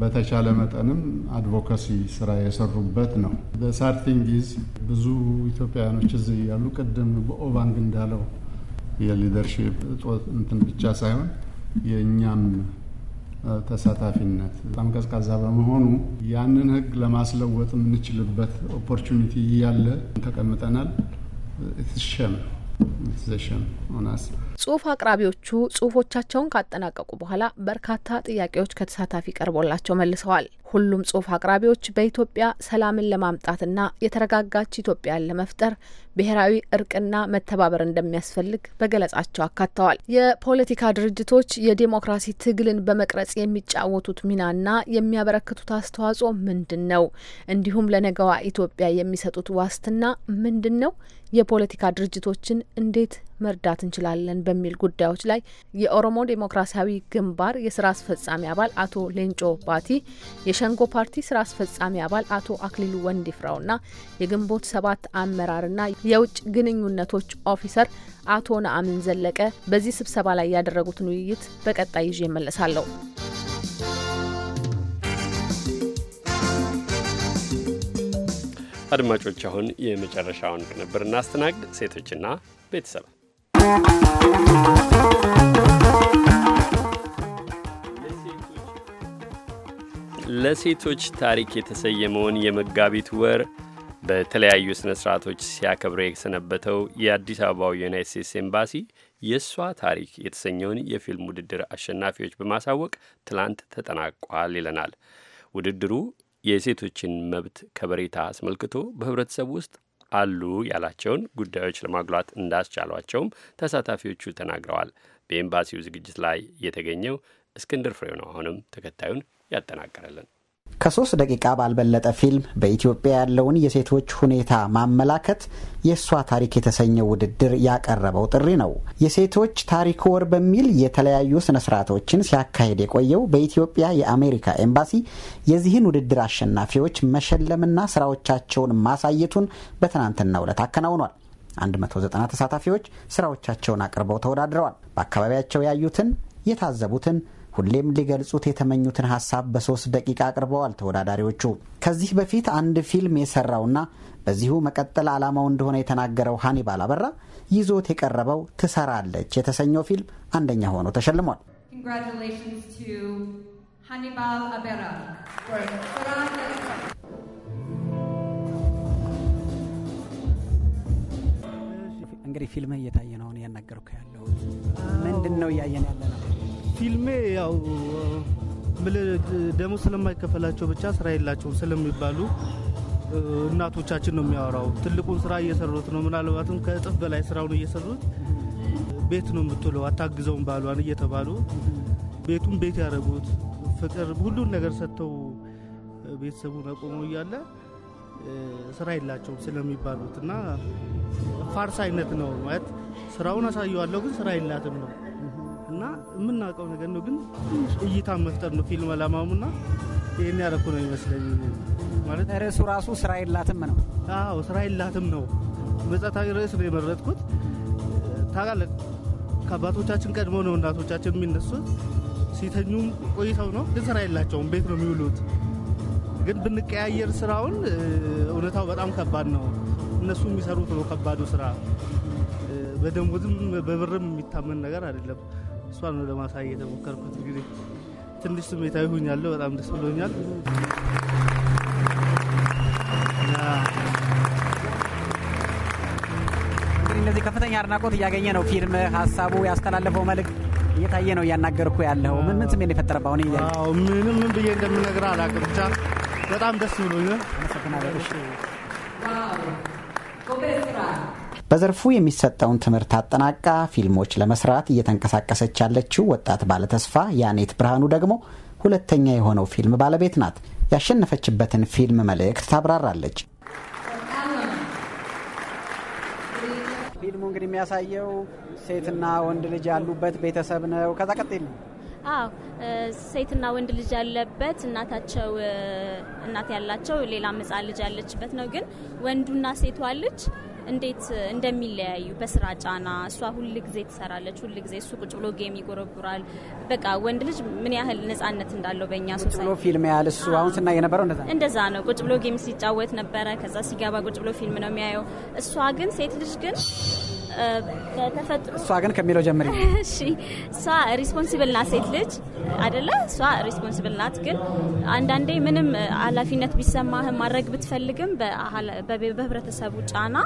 በተቻለ መጠንም አድቮካሲ ስራ የሰሩበት ነው። በሳርቲንጊዝ ብዙ ኢትዮጵያውያኖች እዚህ ያሉ ቅድም በኦባንግ እንዳለው የሊደርሺፕ እጦት እንትን ብቻ ሳይሆን የእኛም ተሳታፊነት በጣም ቀዝቃዛ በመሆኑ ያንን ህግ ለማስለወጥ የምንችልበት ኦፖርቹኒቲ እያለ ተቀምጠናል። ጽሁፍ አቅራቢዎቹ ጽሁፎቻቸውን ካጠናቀቁ በኋላ በርካታ ጥያቄዎች ከተሳታፊ ቀርቦላቸው መልሰዋል። ሁሉም ጽሁፍ አቅራቢዎች በኢትዮጵያ ሰላምን ለማምጣትና የተረጋጋች ኢትዮጵያን ለመፍጠር ብሔራዊ እርቅና መተባበር እንደሚያስፈልግ በገለጻቸው አካተዋል። የፖለቲካ ድርጅቶች የዴሞክራሲ ትግልን በመቅረጽ የሚጫወቱት ሚናና የሚያበረክቱት አስተዋጽኦ ምንድን ነው? እንዲሁም ለነገዋ ኢትዮጵያ የሚሰጡት ዋስትና ምንድን ነው? የፖለቲካ ድርጅቶችን እንዴት መርዳት እንችላለን? በሚል ጉዳዮች ላይ የኦሮሞ ዴሞክራሲያዊ ግንባር የስራ አስፈጻሚ አባል አቶ ሌንጮ ባቲ የሸንጎ ፓርቲ ስራ አስፈጻሚ አባል አቶ አክሊሉ ወንድይፍራውና የግንቦት ሰባት አመራርና የውጭ ግንኙነቶች ኦፊሰር አቶ ነአምን ዘለቀ በዚህ ስብሰባ ላይ ያደረጉትን ውይይት በቀጣይ ይዤ እመለሳለሁ። አድማጮች፣ አሁን የመጨረሻውን ቅንብር እናስተናግድ። ሴቶችና ቤተሰብ ለሴቶች ታሪክ የተሰየመውን የመጋቢት ወር በተለያዩ ስነ ስርዓቶች ሲያከብረ የሰነበተው የአዲስ አበባው የዩናይት ስቴትስ ኤምባሲ የእሷ ታሪክ የተሰኘውን የፊልም ውድድር አሸናፊዎች በማሳወቅ ትላንት ተጠናቋል ይለናል። ውድድሩ የሴቶችን መብት ከበሬታ አስመልክቶ በህብረተሰቡ ውስጥ አሉ ያላቸውን ጉዳዮች ለማጉላት እንዳስቻሏቸውም ተሳታፊዎቹ ተናግረዋል። በኤምባሲው ዝግጅት ላይ የተገኘው እስክንድር ፍሬው ነው። አሁንም ተከታዩን ያጠናቀረልን። ከሶስት ደቂቃ ባልበለጠ ፊልም በኢትዮጵያ ያለውን የሴቶች ሁኔታ ማመላከት የእሷ ታሪክ የተሰኘው ውድድር ያቀረበው ጥሪ ነው። የሴቶች ታሪክ ወር በሚል የተለያዩ ስነ ስርዓቶችን ሲያካሄድ የቆየው በኢትዮጵያ የአሜሪካ ኤምባሲ የዚህን ውድድር አሸናፊዎች መሸለምና ስራዎቻቸውን ማሳየቱን በትናንትናው ዕለት አከናውኗል። 190 ተሳታፊዎች ስራዎቻቸውን አቅርበው ተወዳድረዋል። በአካባቢያቸው ያዩትን የታዘቡትን ሁሌም ሊገልጹት የተመኙትን ሀሳብ በሶስት ደቂቃ አቅርበዋል ተወዳዳሪዎቹ። ከዚህ በፊት አንድ ፊልም የሰራውና በዚሁ መቀጠል ዓላማው እንደሆነ የተናገረው ሀኒባል አበራ ይዞት የቀረበው ትሰራለች የተሰኘው ፊልም አንደኛ ሆኖ ተሸልሟል። እንግዲህ ፊልምህ እየታየ ነው ያናገርኩህ ያለሁት ምንድን ነው እያየን ያለ ነው ፊልሜ ያው ደሞ ስለማይከፈላቸው ብቻ ስራ የላቸውም ስለሚባሉ እናቶቻችን ነው የሚያወራው። ትልቁን ስራ እየሰሩት ነው። ምናልባትም ከእጥፍ በላይ ስራውን እየሰሩት ቤት ነው የምትውለው አታግዘውን ባሏን እየተባሉ ቤቱን ቤት ያደረጉት ፍቅር ሁሉን ነገር ሰጥተው ቤተሰቡን አቆመው እያለ ስራ የላቸውም ስለሚባሉት እና ፋርስ አይነት ነው ማለት ስራውን አሳየዋለሁ ግን ስራ የላትም ነው እና የምናውቀው ነገር ነው፣ ግን እይታ መፍጠር ነው ፊልም አላማውም እና ይህን ነው ይመስለኝ። ማለት ርዕሱ ራሱ ስራ የላትም ነው። አዎ ስራ የላትም ነው። መጽሐፋዊ ርዕስ ነው የመረጥኩት። ታውቃለህ፣ ከአባቶቻችን ቀድሞ ነው እናቶቻችን የሚነሱት። ሲተኙም ቆይተው ነው፣ ግን ስራ የላቸውም። ቤት ነው የሚውሉት። ግን ብንቀያየር ስራውን እውነታው በጣም ከባድ ነው። እነሱ የሚሰሩት ነው ከባዱ ስራ። በደሞዝም በብርም የሚታመን ነገር አይደለም። እሷን ነው ለማሳየት የሞከርኩት። እንግዲህ ትንሽ ስሜታዊ ሆኛለሁ። በጣም ደስ ብሎኛል። እንደዚህ ከፍተኛ አድናቆት እያገኘ ነው ፊልም። ሀሳቡ ያስተላለፈው መልእክት እየታየ ነው። እያናገርኩ ያለው ምን ምን ስሜት የፈጠረባ ሁን ምንም ምን ብዬ እንደምነግር አላውቅም። ብቻ በጣም ደስ ብሎኛል። አመሰግናለሁ። በዘርፉ የሚሰጠውን ትምህርት አጠናቃ ፊልሞች ለመስራት እየተንቀሳቀሰች ያለችው ወጣት ባለተስፋ ያኔት ብርሃኑ ደግሞ ሁለተኛ የሆነው ፊልም ባለቤት ናት። ያሸነፈችበትን ፊልም መልእክት ታብራራለች። ፊልሙ እንግዲህ የሚያሳየው ሴትና ወንድ ልጅ ያሉበት ቤተሰብ ነው። ከዛ ቀጥል አዎ ሴትና ወንድ ልጅ ያለበት እናታቸው እናት ያላቸው ሌላ ሕፃን ልጅ ያለችበት ነው። ግን ወንዱና ሴቷ ልጅ እንዴት እንደሚለያዩ በስራ ጫና፣ እሷ ሁል ጊዜ ትሰራለች፣ ሁል ጊዜ እሱ ቁጭ ብሎ ጌም ይጎረጉራል። በቃ ወንድ ልጅ ምን ያህል ነጻነት እንዳለው በእኛ ሶሳ ፊልም ያህል እሱ አሁን ስናየ የነበረው እንደዛ ነው። ቁጭ ብሎ ጌም ሲጫወት ነበረ። ከዛ ሲገባ ቁጭ ብሎ ፊልም ነው የሚያየው። እሷ ግን ሴት ልጅ ግን እሷ ግን ከሚለው ጀምሪ። እሺ እሷ ሪስፖንሲብል ናት፣ ሴት ልጅ አደለ? እሷ ሪስፖንሲብል ናት። ግን አንዳንዴ ምንም ኃላፊነት ቢሰማህም ማድረግ ብትፈልግም በህብረተሰቡ ጫና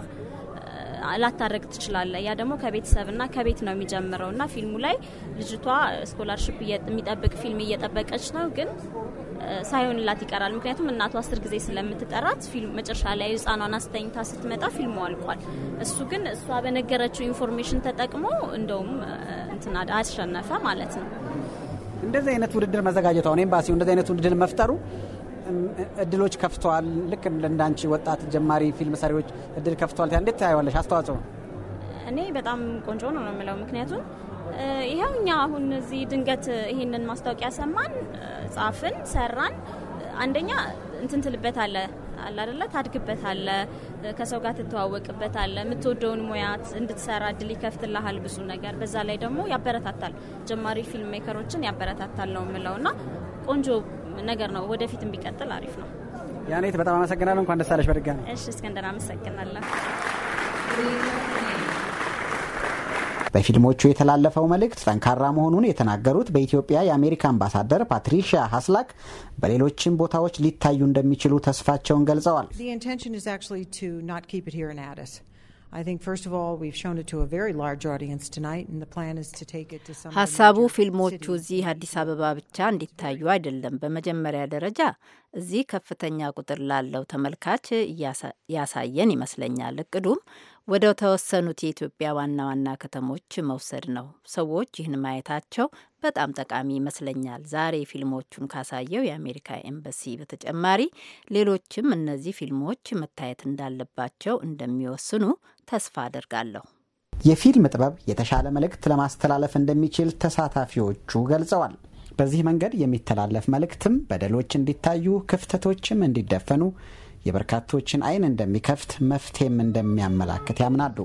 ላታረግ ትችላለ። ያ ደግሞ ከቤተሰብና ከቤት ነው የሚጀምረው እና ፊልሙ ላይ ልጅቷ ስኮላርሽፕ የሚጠብቅ ፊልም እየጠበቀች ነው ግን ሳይሆንላት ይቀራል። ምክንያቱም እናቱ አስር ጊዜ ስለምትጠራት መጨረሻ ላይ ህፃኗን አስተኝታ ስትመጣ ፊልሙ አልቋል። እሱ ግን እሷ በነገረችው ኢንፎርሜሽን ተጠቅሞ እንደውም እንትና አሸነፈ ማለት ነው። እንደዚህ አይነት ውድድር መዘጋጀቷ አሁን ኤምባሲው እንደዚህ አይነት ውድድር መፍጠሩ እድሎች ከፍተዋል። ልክ እንዳንቺ ወጣት ጀማሪ ፊልም ሰሪዎች እድል ከፍተዋል። እንዴት ታያዋለሽ? አስተዋጽኦ እኔ በጣም ቆንጆ ነው ነው የምለው ምክንያቱም ይኸው እኛ አሁን እዚህ ድንገት ይህንን ማስታወቂያ ሰማን፣ ጻፍን፣ ሰራን። አንደኛ እንትን ትልበት አለ አለ አይደለ? ታድግበት አለ ከሰው ጋር ትተዋወቅበት አለ የምትወደውን ሙያት እንድትሰራ እድል ይከፍትልሃል ብዙ ነገር። በዛ ላይ ደግሞ ያበረታታል ጀማሪ ፊልም ሜከሮችን ያበረታታል ነው የምለው የምለውና ቆንጆ ነገር ነው። ወደፊት ቢቀጥል አሪፍ ነው። ያኔት በጣም አመሰግናለሁ። እንኳን ደስ አለሽ በድጋሚ። እሺ እስክንድር አመሰግናለሁ። በፊልሞቹ የተላለፈው መልእክት ጠንካራ መሆኑን የተናገሩት በኢትዮጵያ የአሜሪካ አምባሳደር ፓትሪሺያ ሀስላክ በሌሎችም ቦታዎች ሊታዩ እንደሚችሉ ተስፋቸውን ገልጸዋል። ሀሳቡ ፊልሞቹ እዚህ አዲስ አበባ ብቻ እንዲታዩ አይደለም። በመጀመሪያ ደረጃ እዚህ ከፍተኛ ቁጥር ላለው ተመልካች ያሳየን ይመስለኛል። እቅዱም ወደ ተወሰኑት የኢትዮጵያ ዋና ዋና ከተሞች መውሰድ ነው። ሰዎች ይህን ማየታቸው በጣም ጠቃሚ ይመስለኛል። ዛሬ ፊልሞቹን ካሳየው የአሜሪካ ኤምባሲ በተጨማሪ ሌሎችም እነዚህ ፊልሞች መታየት እንዳለባቸው እንደሚወስኑ ተስፋ አድርጋለሁ። የፊልም ጥበብ የተሻለ መልእክት ለማስተላለፍ እንደሚችል ተሳታፊዎቹ ገልጸዋል። በዚህ መንገድ የሚተላለፍ መልእክትም በደሎች እንዲታዩ፣ ክፍተቶችም እንዲደፈኑ የበርካቶችን ዓይን እንደሚከፍት መፍትሄም እንደሚያመላክት ያምናሉ።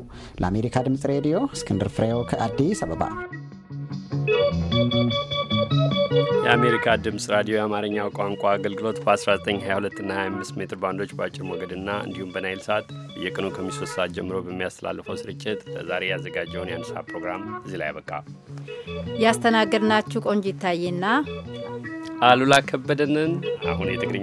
ለአሜሪካ ድምፅ ሬዲዮ እስክንድር ፍሬው ከአዲስ አበባ የአሜሪካ ድምፅ ራዲዮ የአማርኛው ቋንቋ አገልግሎት በ1922 እና 25 ሜትር ባንዶች በአጭር ሞገድና እንዲሁም በናይል ሰዓት በየቀኑ ከምሽቱ ሰዓት ጀምሮ በሚያስተላልፈው ስርጭት ለዛሬ ያዘጋጀውን የአንድ ሰዓት ፕሮግራም እዚህ ላይ ያበቃ። ያስተናገድናችሁ ቆንጂት ታዬና አሉላ ከበደንን። አሁን የትግርኛ